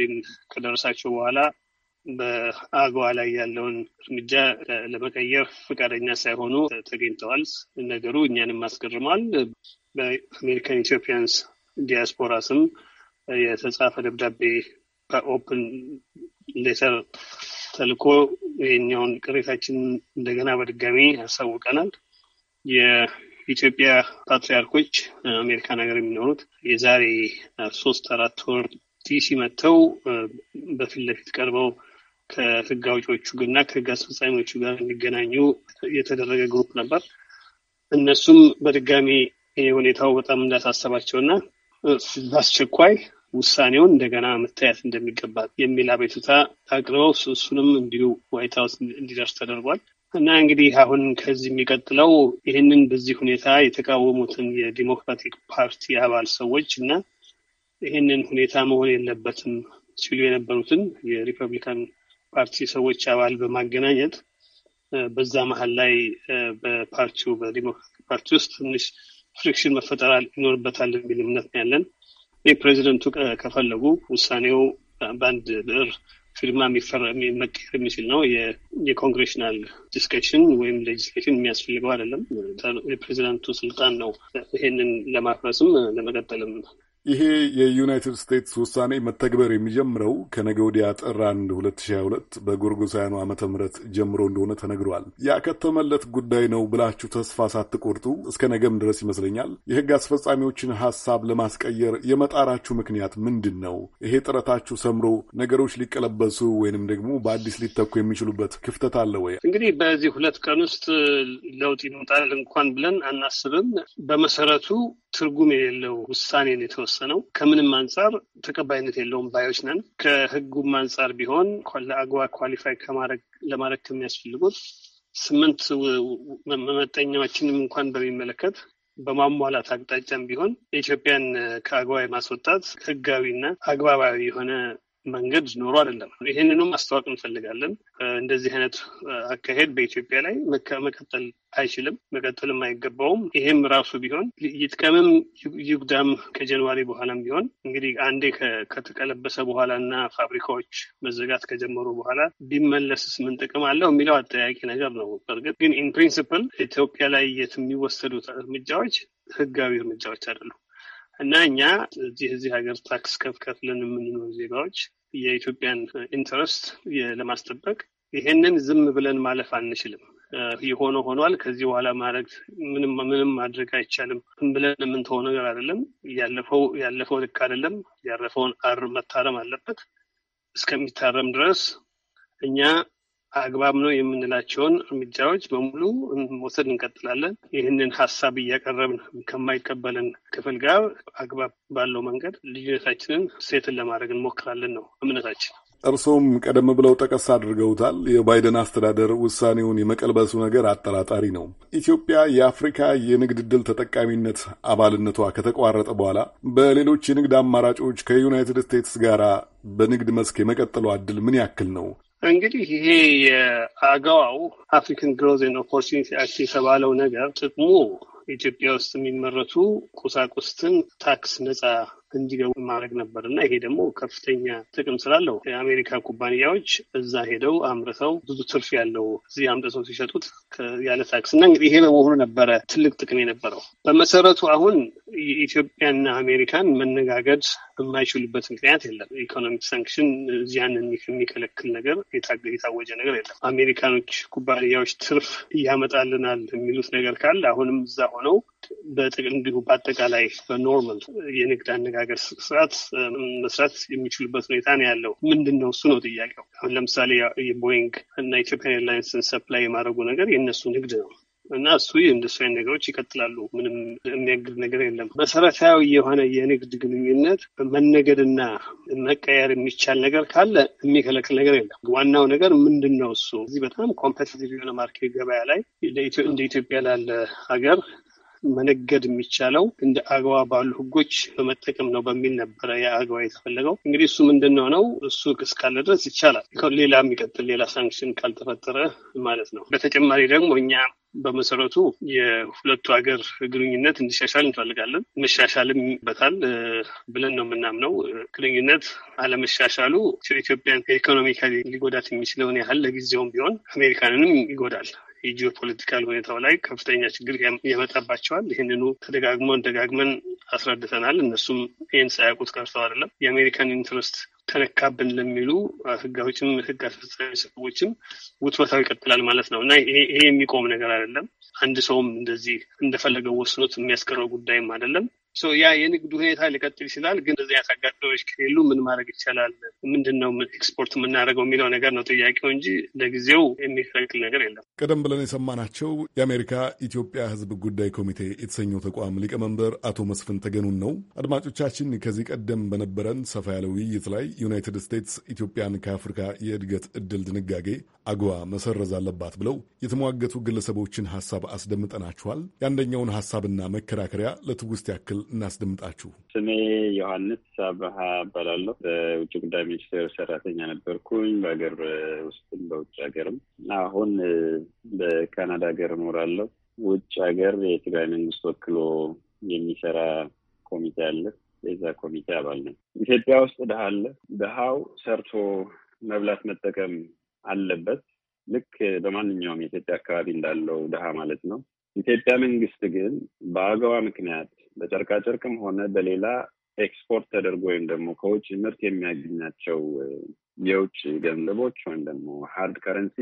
J: ከደረሳቸው በኋላ በአጓ ላይ ያለውን እርምጃ ለመቀየር ፈቃደኛ ሳይሆኑ ተገኝተዋል። ነገሩ እኛንም አስገርሟል። በአሜሪካን ኢትዮጵያንስ ዲያስፖራ ስም የተጻፈ ደብዳቤ በኦፕን ሌተር ተልኮ ይህኛውን ቅሬታችን እንደገና በድጋሚ ያሳውቀናል። የኢትዮጵያ ፓትሪያርኮች አሜሪካን ሀገር የሚኖሩት የዛሬ ሶስት አራት ወር ዲሲ መጥተው በፊት ለፊት ቀርበው ከህግ አውጪዎቹ እና ከህግ አስፈጻሚዎቹ ጋር እንዲገናኙ የተደረገ ግሩፕ ነበር። እነሱም በድጋሚ ሁኔታው በጣም እንዳሳሰባቸው እና በአስቸኳይ ውሳኔውን እንደገና መታየት እንደሚገባ የሚል አቤቱታ አቅርበው እሱንም እንዲሁ ዋይት ሀውስ እንዲደርስ ተደርጓል እና እንግዲህ አሁን ከዚህ የሚቀጥለው ይህንን በዚህ ሁኔታ የተቃወሙትን የዲሞክራቲክ ፓርቲ አባል ሰዎች እና ይህንን ሁኔታ መሆን የለበትም ሲሉ የነበሩትን የሪፐብሊካን ፓርቲ ሰዎች አባል በማገናኘት በዛ መሀል ላይ በፓርቲው በዲሞክራቲክ ፓርቲ ውስጥ ትንሽ ፍሪክሽን መፈጠር ይኖርበታል የሚል እምነት ያለን። ይህ ፕሬዚደንቱ ከፈለጉ ውሳኔው በአንድ ብዕር ፊርማ መቀየር የሚችል ነው። የኮንግሬሽናል ዲስከሽን ወይም ሌጅስሌሽን የሚያስፈልገው አይደለም። የፕሬዚዳንቱ ስልጣን ነው። ይሄንን ለማፍረስም ለመቀጠልም
F: ይሄ የዩናይትድ ስቴትስ ውሳኔ መተግበር የሚጀምረው ከነገ ወዲያ ጥር 1 2022 በጎርጎሳያኑ ዓመተ ምህረት ጀምሮ እንደሆነ ተነግሯል። ያከተመለት ጉዳይ ነው ብላችሁ ተስፋ ሳትቆርጡ እስከ ነገም ድረስ ይመስለኛል የህግ አስፈጻሚዎችን ሀሳብ ለማስቀየር የመጣራችሁ ምክንያት ምንድን ነው? ይሄ ጥረታችሁ ሰምሮ ነገሮች ሊቀለበሱ ወይንም ደግሞ በአዲስ ሊተኩ የሚችሉበት ክፍተት አለ ወይ?
J: እንግዲህ በዚህ ሁለት ቀን ውስጥ ለውጥ ይመጣል እንኳን ብለን አናስብም። በመሰረቱ ትርጉም የሌለው ውሳኔ ነው የተወሰነው ከምንም አንጻር ተቀባይነት የለውም ባዮች ነን። ከህጉም አንጻር ቢሆን ለአግባ ኳሊፋይ ለማድረግ ከሚያስፈልጉት ስምንት መመጠኛዎችንም እንኳን በሚመለከት በማሟላት አቅጣጫም ቢሆን ኢትዮጵያን ከአግባ የማስወጣት ህጋዊና አግባባዊ የሆነ መንገድ ኖሮ አይደለም። ይህንንም ማስታወቅ እንፈልጋለን። እንደዚህ አይነት አካሄድ በኢትዮጵያ ላይ መቀጠል አይችልም፣ መቀጠልም አይገባውም። ይህም ራሱ ቢሆን ይጥቀምም ይጉዳም ከጀንዋሪ በኋላም ቢሆን እንግዲህ አንዴ ከተቀለበሰ በኋላ እና ፋብሪካዎች መዘጋት ከጀመሩ በኋላ ቢመለስስ ምን ጥቅም አለው የሚለው አጠያቂ ነገር ነው። በእርግጥ ግን ኢን ኢትዮጵያ ላይ የሚወሰዱት እርምጃዎች ህጋዊ እርምጃዎች አይደሉም። እና እኛ እዚህ እዚህ ሀገር ታክስ ከፍለን የምንኖር ዜጋዎች የኢትዮጵያን ኢንትረስት ለማስጠበቅ ይሄንን ዝም ብለን ማለፍ አንችልም። የሆነ ሆኗል፣ ከዚህ በኋላ ማድረግ ምንም ማድረግ አይቻልም ብለን የምንተው ነገር አይደለም። ያለፈው ያለፈው ልክ አይደለም። ያረፈውን አር መታረም አለበት። እስከሚታረም ድረስ እኛ አግባብ ነው የምንላቸውን እርምጃዎች በሙሉ መውሰድ እንቀጥላለን። ይህንን ሀሳብ እያቀረብን ከማይቀበለን ክፍል ጋር አግባብ ባለው መንገድ ልዩነታችንን ሴትን ለማድረግ እንሞክራለን ነው እምነታችን።
F: እርሶም ቀደም ብለው ጠቀስ አድርገውታል። የባይደን አስተዳደር ውሳኔውን የመቀልበሱ ነገር አጠራጣሪ ነው። ኢትዮጵያ የአፍሪካ የንግድ ድል ተጠቃሚነት አባልነቷ ከተቋረጠ በኋላ በሌሎች የንግድ አማራጮች ከዩናይትድ ስቴትስ ጋር በንግድ መስክ የመቀጠሏ እድል ምን ያክል ነው?
J: እንግዲህ ይሄ የአገዋው አፍሪካን ግሮዝ ኤንድ ኦፖርቹኒቲ አክት የተባለው ነገር ጥቅሙ ኢትዮጵያ ውስጥ የሚመረቱ ቁሳቁስትን ታክስ ነጻ እንዲገቡ ማድረግ ነበር እና ይሄ ደግሞ ከፍተኛ ጥቅም ስላለው የአሜሪካ ኩባንያዎች እዛ ሄደው አምርተው ብዙ ትርፍ ያለው እዚህ አምርተው ሲሸጡት ያለ ታክስ እና እንግዲህ ይሄ በመሆኑ ነበረ ትልቅ ጥቅም የነበረው። በመሰረቱ አሁን የኢትዮጵያና አሜሪካን መነጋገድ የማይችሉበት ምክንያት የለም። ኢኮኖሚክ ሳንክሽን እዚያን የሚከለክል ነገር የታወጀ ነገር የለም። አሜሪካኖች ኩባንያዎች ትርፍ እያመጣልናል የሚሉት ነገር ካለ አሁንም እዛ ሆነው እንዲሁ በአጠቃላይ በኖርማል የንግድ አነጋገር ስርዓት መስራት የሚችሉበት ሁኔታ ነው ያለው። ምንድን ነው እሱ ነው ጥያቄው። አሁን ለምሳሌ የቦይንግ እና ኢትዮጵያን ኤርላይንስን ሰፕላይ የማድረጉ ነገር የእነሱ ንግድ ነው እና እሱ የኢንዱስትሪ ነገሮች ይቀጥላሉ። ምንም የሚያግድ ነገር የለም። መሰረታዊ የሆነ የንግድ ግንኙነት መነገድና መቀየር የሚቻል ነገር ካለ የሚከለክል ነገር የለም። ዋናው ነገር ምንድን ነው እሱ እዚህ በጣም ኮምፐቲቲቭ የሆነ ማርኬት ገበያ ላይ እንደ ኢትዮጵያ ላለ ሀገር መነገድ የሚቻለው እንደ አግባ ባሉ ህጎች በመጠቀም ነው በሚል ነበረ የአግባ የተፈለገው። እንግዲህ እሱ ምንድን ነው እሱ እስካለ ድረስ ይቻላል። ሌላ የሚቀጥል ሌላ ሳንክሽን ካልተፈጠረ ማለት ነው። በተጨማሪ ደግሞ እኛ በመሰረቱ የሁለቱ ሀገር ግንኙነት እንዲሻሻል እንፈልጋለን። መሻሻልም በታል ብለን ነው የምናምነው። ግንኙነት አለመሻሻሉ ኢትዮጵያን ኢኮኖሚካሊ ሊጎዳት የሚችለውን ያህል ለጊዜውም ቢሆን አሜሪካንንም ይጎዳል። የጂኦ ፖለቲካል ሁኔታው ላይ ከፍተኛ ችግር ያመጣባቸዋል። ይህንኑ ተደጋግመን ደጋግመን አስረድተናል። እነሱም ይህን ሳያውቁት ቀርተው አይደለም። የአሜሪካን ኢንትረስት ተነካብን ለሚሉ ህጋዎችም ህግ አስፈጻሚ ሰዎችም ውትወታው ይቀጥላል ማለት ነው እና ይሄ የሚቆም ነገር አይደለም። አንድ ሰውም እንደዚህ እንደፈለገው ወስኖት የሚያስቀረው ጉዳይም አይደለም። ያ የንግድ ሁኔታ ሊቀጥል ይችላል። ግን እዚህ አሳጋሪዎች ከሌሉ ምን ማድረግ ይቻላል? ምንድን ነው ኤክስፖርት የምናደርገው የሚለው ነገር ነው ጥያቄው እንጂ ለጊዜው የሚፈለግል ነገር የለም።
F: ቀደም ብለን የሰማናቸው የአሜሪካ ኢትዮጵያ ሕዝብ ጉዳይ ኮሚቴ የተሰኘው ተቋም ሊቀመንበር አቶ መስፍን ተገኑን ነው። አድማጮቻችን፣ ከዚህ ቀደም በነበረን ሰፋ ያለ ውይይት ላይ ዩናይትድ ስቴትስ ኢትዮጵያን ከአፍሪካ የእድገት እድል ድንጋጌ አግዋ መሰረዝ አለባት ብለው የተሟገቱ ግለሰቦችን ሀሳብ አስደምጠናችኋል። የአንደኛውን ሀሳብና መከራከሪያ ለትውስት ያክል እናስደምጣችሁ።
G: ስሜ ዮሐንስ አብርሃ እባላለሁ። በውጭ ጉዳይ ሚኒስቴር ሰራተኛ ነበርኩኝ በሀገር ውስጥም በውጭ ሀገርም። አሁን በካናዳ ሀገር እኖራለሁ። ውጭ ሀገር የትግራይ መንግስት ወክሎ የሚሰራ ኮሚቴ አለ። የዛ ኮሚቴ አባል ነው። ኢትዮጵያ ውስጥ ድሀ አለ። ድሀው ሰርቶ መብላት መጠቀም አለበት። ልክ በማንኛውም የኢትዮጵያ አካባቢ እንዳለው ድሀ ማለት ነው። ኢትዮጵያ መንግስት ግን በአገዋ ምክንያት በጨርቃጨርቅም ሆነ በሌላ ኤክስፖርት ተደርጎ ወይም ደግሞ ከውጭ ምርት የሚያገኛቸው የውጭ ገንዘቦች ወይም ደግሞ ሀርድ ከረንሲ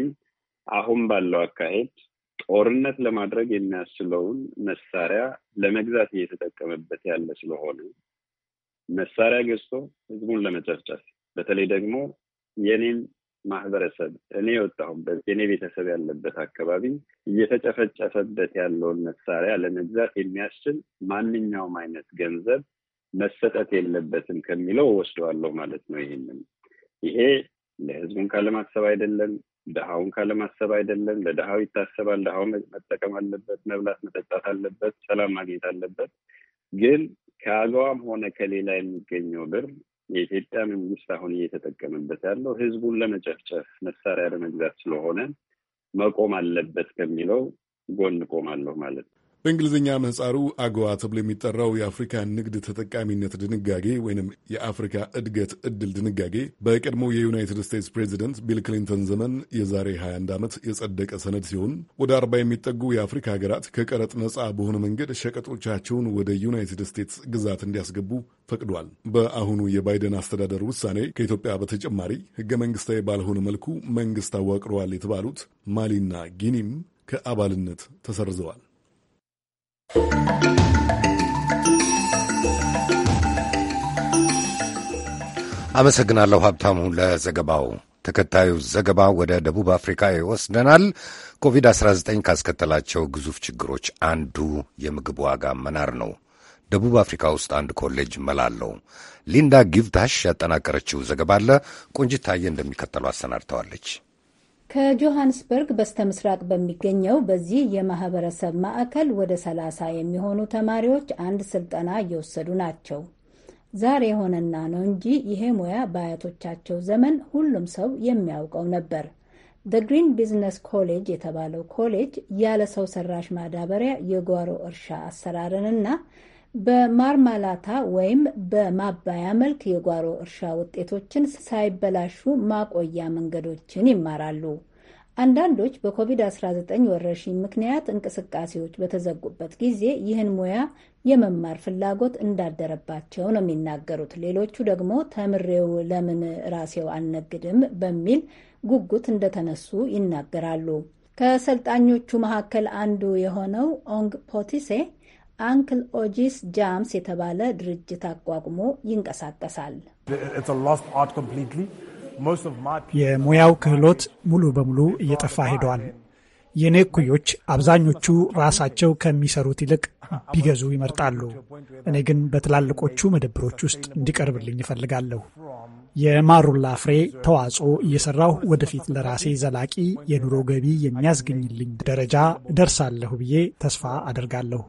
G: አሁን ባለው አካሄድ ጦርነት ለማድረግ የሚያስችለውን መሳሪያ ለመግዛት እየተጠቀመበት ያለ ስለሆነ መሳሪያ ገዝቶ ህዝቡን ለመጨፍጨፍ በተለይ ደግሞ የኔን ማህበረሰብ እኔ የወጣሁበት የኔ ቤተሰብ ያለበት አካባቢ እየተጨፈጨፈበት ያለውን መሳሪያ ለመግዛት የሚያስችል ማንኛውም አይነት ገንዘብ መሰጠት የለበትም ከሚለው ወስደዋለሁ ማለት ነው። ይህንን ይሄ ለህዝቡን ካለማሰብ አይደለም፣ ድሃውን ካለማሰብ አይደለም። ለድሃው ይታሰባል። ድሃው መጠቀም አለበት፣ መብላት መጠጣት አለበት፣ ሰላም ማግኘት አለበት። ግን ከአገዋም ሆነ ከሌላ የሚገኘው ብር የኢትዮጵያ መንግስት አሁን እየተጠቀመበት ያለው ህዝቡን ለመጨፍጨፍ መሳሪያ ለመግዛት ስለሆነ መቆም አለበት ከሚለው ጎን ቆማለሁ ማለት ነው።
F: በእንግሊዝኛ ምህፃሩ አገዋ ተብሎ የሚጠራው የአፍሪካ ንግድ ተጠቃሚነት ድንጋጌ ወይም የአፍሪካ እድገት እድል ድንጋጌ በቀድሞ የዩናይትድ ስቴትስ ፕሬዚደንት ቢል ክሊንተን ዘመን የዛሬ 21 ዓመት የጸደቀ ሰነድ ሲሆን ወደ አርባ የሚጠጉ የአፍሪካ ሀገራት ከቀረጥ ነጻ በሆነ መንገድ ሸቀጦቻቸውን ወደ ዩናይትድ ስቴትስ ግዛት እንዲያስገቡ ፈቅዷል። በአሁኑ የባይደን አስተዳደር ውሳኔ ከኢትዮጵያ በተጨማሪ ህገ መንግስታዊ ባልሆነ መልኩ መንግስት አዋቅረዋል የተባሉት ማሊና ጊኒም ከአባልነት ተሰርዘዋል።
A: አመሰግናለሁ ሀብታሙ ለዘገባው። ተከታዩ ዘገባ ወደ ደቡብ አፍሪካ ይወስደናል። ኮቪድ-19 ካስከተላቸው ግዙፍ ችግሮች አንዱ የምግብ ዋጋ መናር ነው። ደቡብ አፍሪካ ውስጥ አንድ ኮሌጅ መላለው ሊንዳ ጊቭታሽ ያጠናቀረችው ዘገባ አለ ታየ እንደሚከተሉ አሰናድተዋለች።
P: ከጆሃንስበርግ በስተምስራቅ በሚገኘው በዚህ የማህበረሰብ ማዕከል ወደ 30 የሚሆኑ ተማሪዎች አንድ ስልጠና እየወሰዱ ናቸው። ዛሬ የሆነና ነው እንጂ ይሄ ሙያ በአያቶቻቸው ዘመን ሁሉም ሰው የሚያውቀው ነበር። ዘ ግሪን ቢዝነስ ኮሌጅ የተባለው ኮሌጅ ያለ ሰው ሰራሽ ማዳበሪያ የጓሮ እርሻ አሰራርንና በማርማላታ ወይም በማባያ መልክ የጓሮ እርሻ ውጤቶችን ሳይበላሹ ማቆያ መንገዶችን ይማራሉ። አንዳንዶች በኮቪድ-19 ወረርሽኝ ምክንያት እንቅስቃሴዎች በተዘጉበት ጊዜ ይህን ሙያ የመማር ፍላጎት እንዳደረባቸው ነው የሚናገሩት። ሌሎቹ ደግሞ ተምሬው ለምን ራሴው አልነግድም በሚል ጉጉት እንደተነሱ ይናገራሉ። ከሰልጣኞቹ መካከል አንዱ የሆነው ኦንግ ፖቲሴ አንክል ኦጂስ ጃምስ የተባለ ድርጅት አቋቁሞ ይንቀሳቀሳል።
E: የሙያው ክህሎት ሙሉ በሙሉ እየጠፋ ሄደዋል። የእኔ እኩዮች አብዛኞቹ ራሳቸው ከሚሰሩት ይልቅ ቢገዙ ይመርጣሉ። እኔ ግን በትላልቆቹ መደብሮች ውስጥ እንዲቀርብልኝ እፈልጋለሁ። የማሩላ ፍሬ ተዋጽኦ እየሰራሁ ወደፊት ለራሴ ዘላቂ የኑሮ ገቢ የሚያስገኝልኝ ደረጃ ደርሳለሁ ብዬ ተስፋ አደርጋለሁ።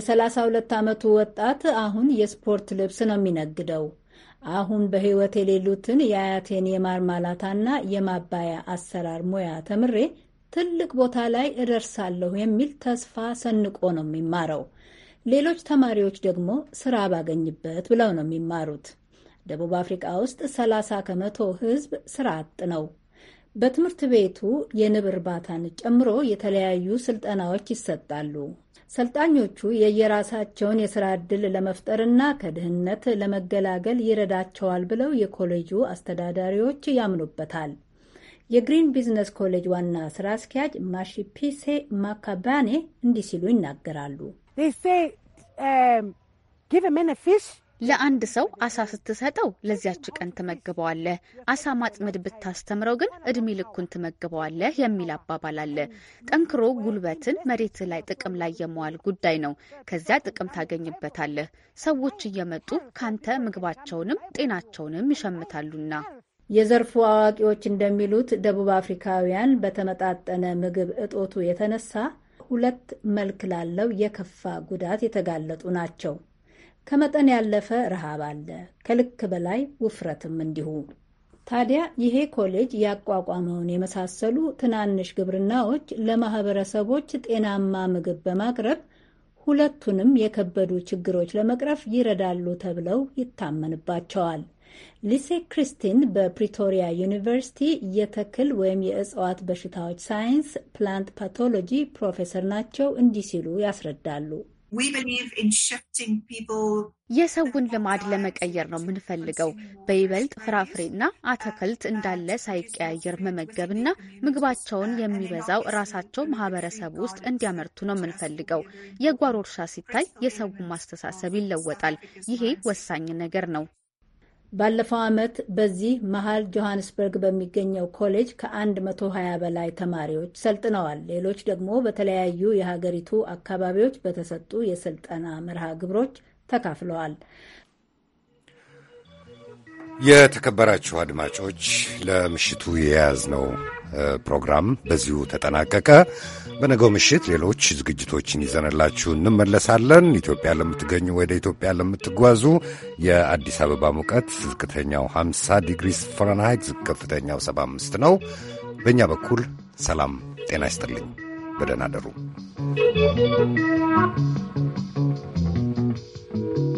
P: የ ሁለት ዓመቱ ወጣት አሁን የስፖርት ልብስ ነው የሚነግደው። አሁን በሕይወት የሌሉትን የአያቴን የማርማላታና የማባያ አሰራር ሙያ ተምሬ ትልቅ ቦታ ላይ እደርሳለሁ የሚል ተስፋ ሰንቆ ነው የሚማረው። ሌሎች ተማሪዎች ደግሞ ስራ ባገኝበት ብለው ነው የሚማሩት። ደቡብ አፍሪካ ውስጥ 30 ከመቶ ህዝብ ስራ አጥ ነው። በትምህርት ቤቱ የንብ እርባታን ጨምሮ የተለያዩ ስልጠናዎች ይሰጣሉ። ሰልጣኞቹ የየራሳቸውን የስራ ዕድል ለመፍጠርና ከድህነት ለመገላገል ይረዳቸዋል ብለው የኮሌጁ አስተዳዳሪዎች ያምኑበታል። የግሪን ቢዝነስ ኮሌጅ ዋና ስራ አስኪያጅ ማሺፒሴ ማካባኔ እንዲህ ሲሉ ይናገራሉ። ለአንድ ሰው አሳ ስትሰጠው ለዚያች ቀን ትመግበዋለህ። አሳ ማጥመድ ብታስተምረው ግን እድሜ ልኩን ትመግበዋለህ የሚል አባባል አለ። ጠንክሮ ጉልበትን መሬት ላይ ጥቅም ላይ የመዋል ጉዳይ ነው። ከዚያ ጥቅም ታገኝበታለህ። ሰዎች እየመጡ ካንተ ምግባቸውንም ጤናቸውንም ይሸምታሉና። የዘርፉ አዋቂዎች እንደሚሉት ደቡብ አፍሪካውያን በተመጣጠነ ምግብ እጦቱ የተነሳ ሁለት መልክ ላለው የከፋ ጉዳት የተጋለጡ ናቸው። ከመጠን ያለፈ ረሃብ አለ፣ ከልክ በላይ ውፍረትም እንዲሁ። ታዲያ ይሄ ኮሌጅ ያቋቋመውን የመሳሰሉ ትናንሽ ግብርናዎች ለማህበረሰቦች ጤናማ ምግብ በማቅረብ ሁለቱንም የከበዱ ችግሮች ለመቅረፍ ይረዳሉ ተብለው ይታመንባቸዋል። ሊሴ ክሪስቲን በፕሪቶሪያ ዩኒቨርሲቲ የተክል ወይም የእጽዋት በሽታዎች ሳይንስ ፕላንት ፓቶሎጂ ፕሮፌሰር ናቸው። እንዲህ ሲሉ ያስረዳሉ። የሰውን ልማድ ለመቀየር ነው የምንፈልገው። በይበልጥ ፍራፍሬና አትክልት እንዳለ ሳይቀያየር መመገብና ምግባቸውን የሚበዛው ራሳቸው ማህበረሰብ ውስጥ እንዲያመርቱ ነው የምንፈልገው። የጓሮ እርሻ ሲታይ የሰውን ማስተሳሰብ ይለወጣል። ይሄ ወሳኝ ነገር ነው። ባለፈው ዓመት በዚህ መሀል ጆሃንስበርግ በሚገኘው ኮሌጅ ከ120 በላይ ተማሪዎች ሰልጥነዋል። ሌሎች ደግሞ በተለያዩ የሀገሪቱ አካባቢዎች በተሰጡ የስልጠና መርሃ ግብሮች ተካፍለዋል።
A: የተከበራችሁ አድማጮች ለምሽቱ የያዝነው ፕሮግራም በዚሁ ተጠናቀቀ። በነገው ምሽት ሌሎች ዝግጅቶችን ይዘንላችሁ እንመለሳለን። ኢትዮጵያ ለምትገኙ ወደ ኢትዮጵያ ለምትጓዙ የአዲስ አበባ ሙቀት ዝቅተኛው 50 ዲግሪስ ፈረንሃይት፣ ከፍተኛው 75 ነው። በእኛ በኩል ሰላም ጤና ይስጥልኝ። በደህና አደሩ።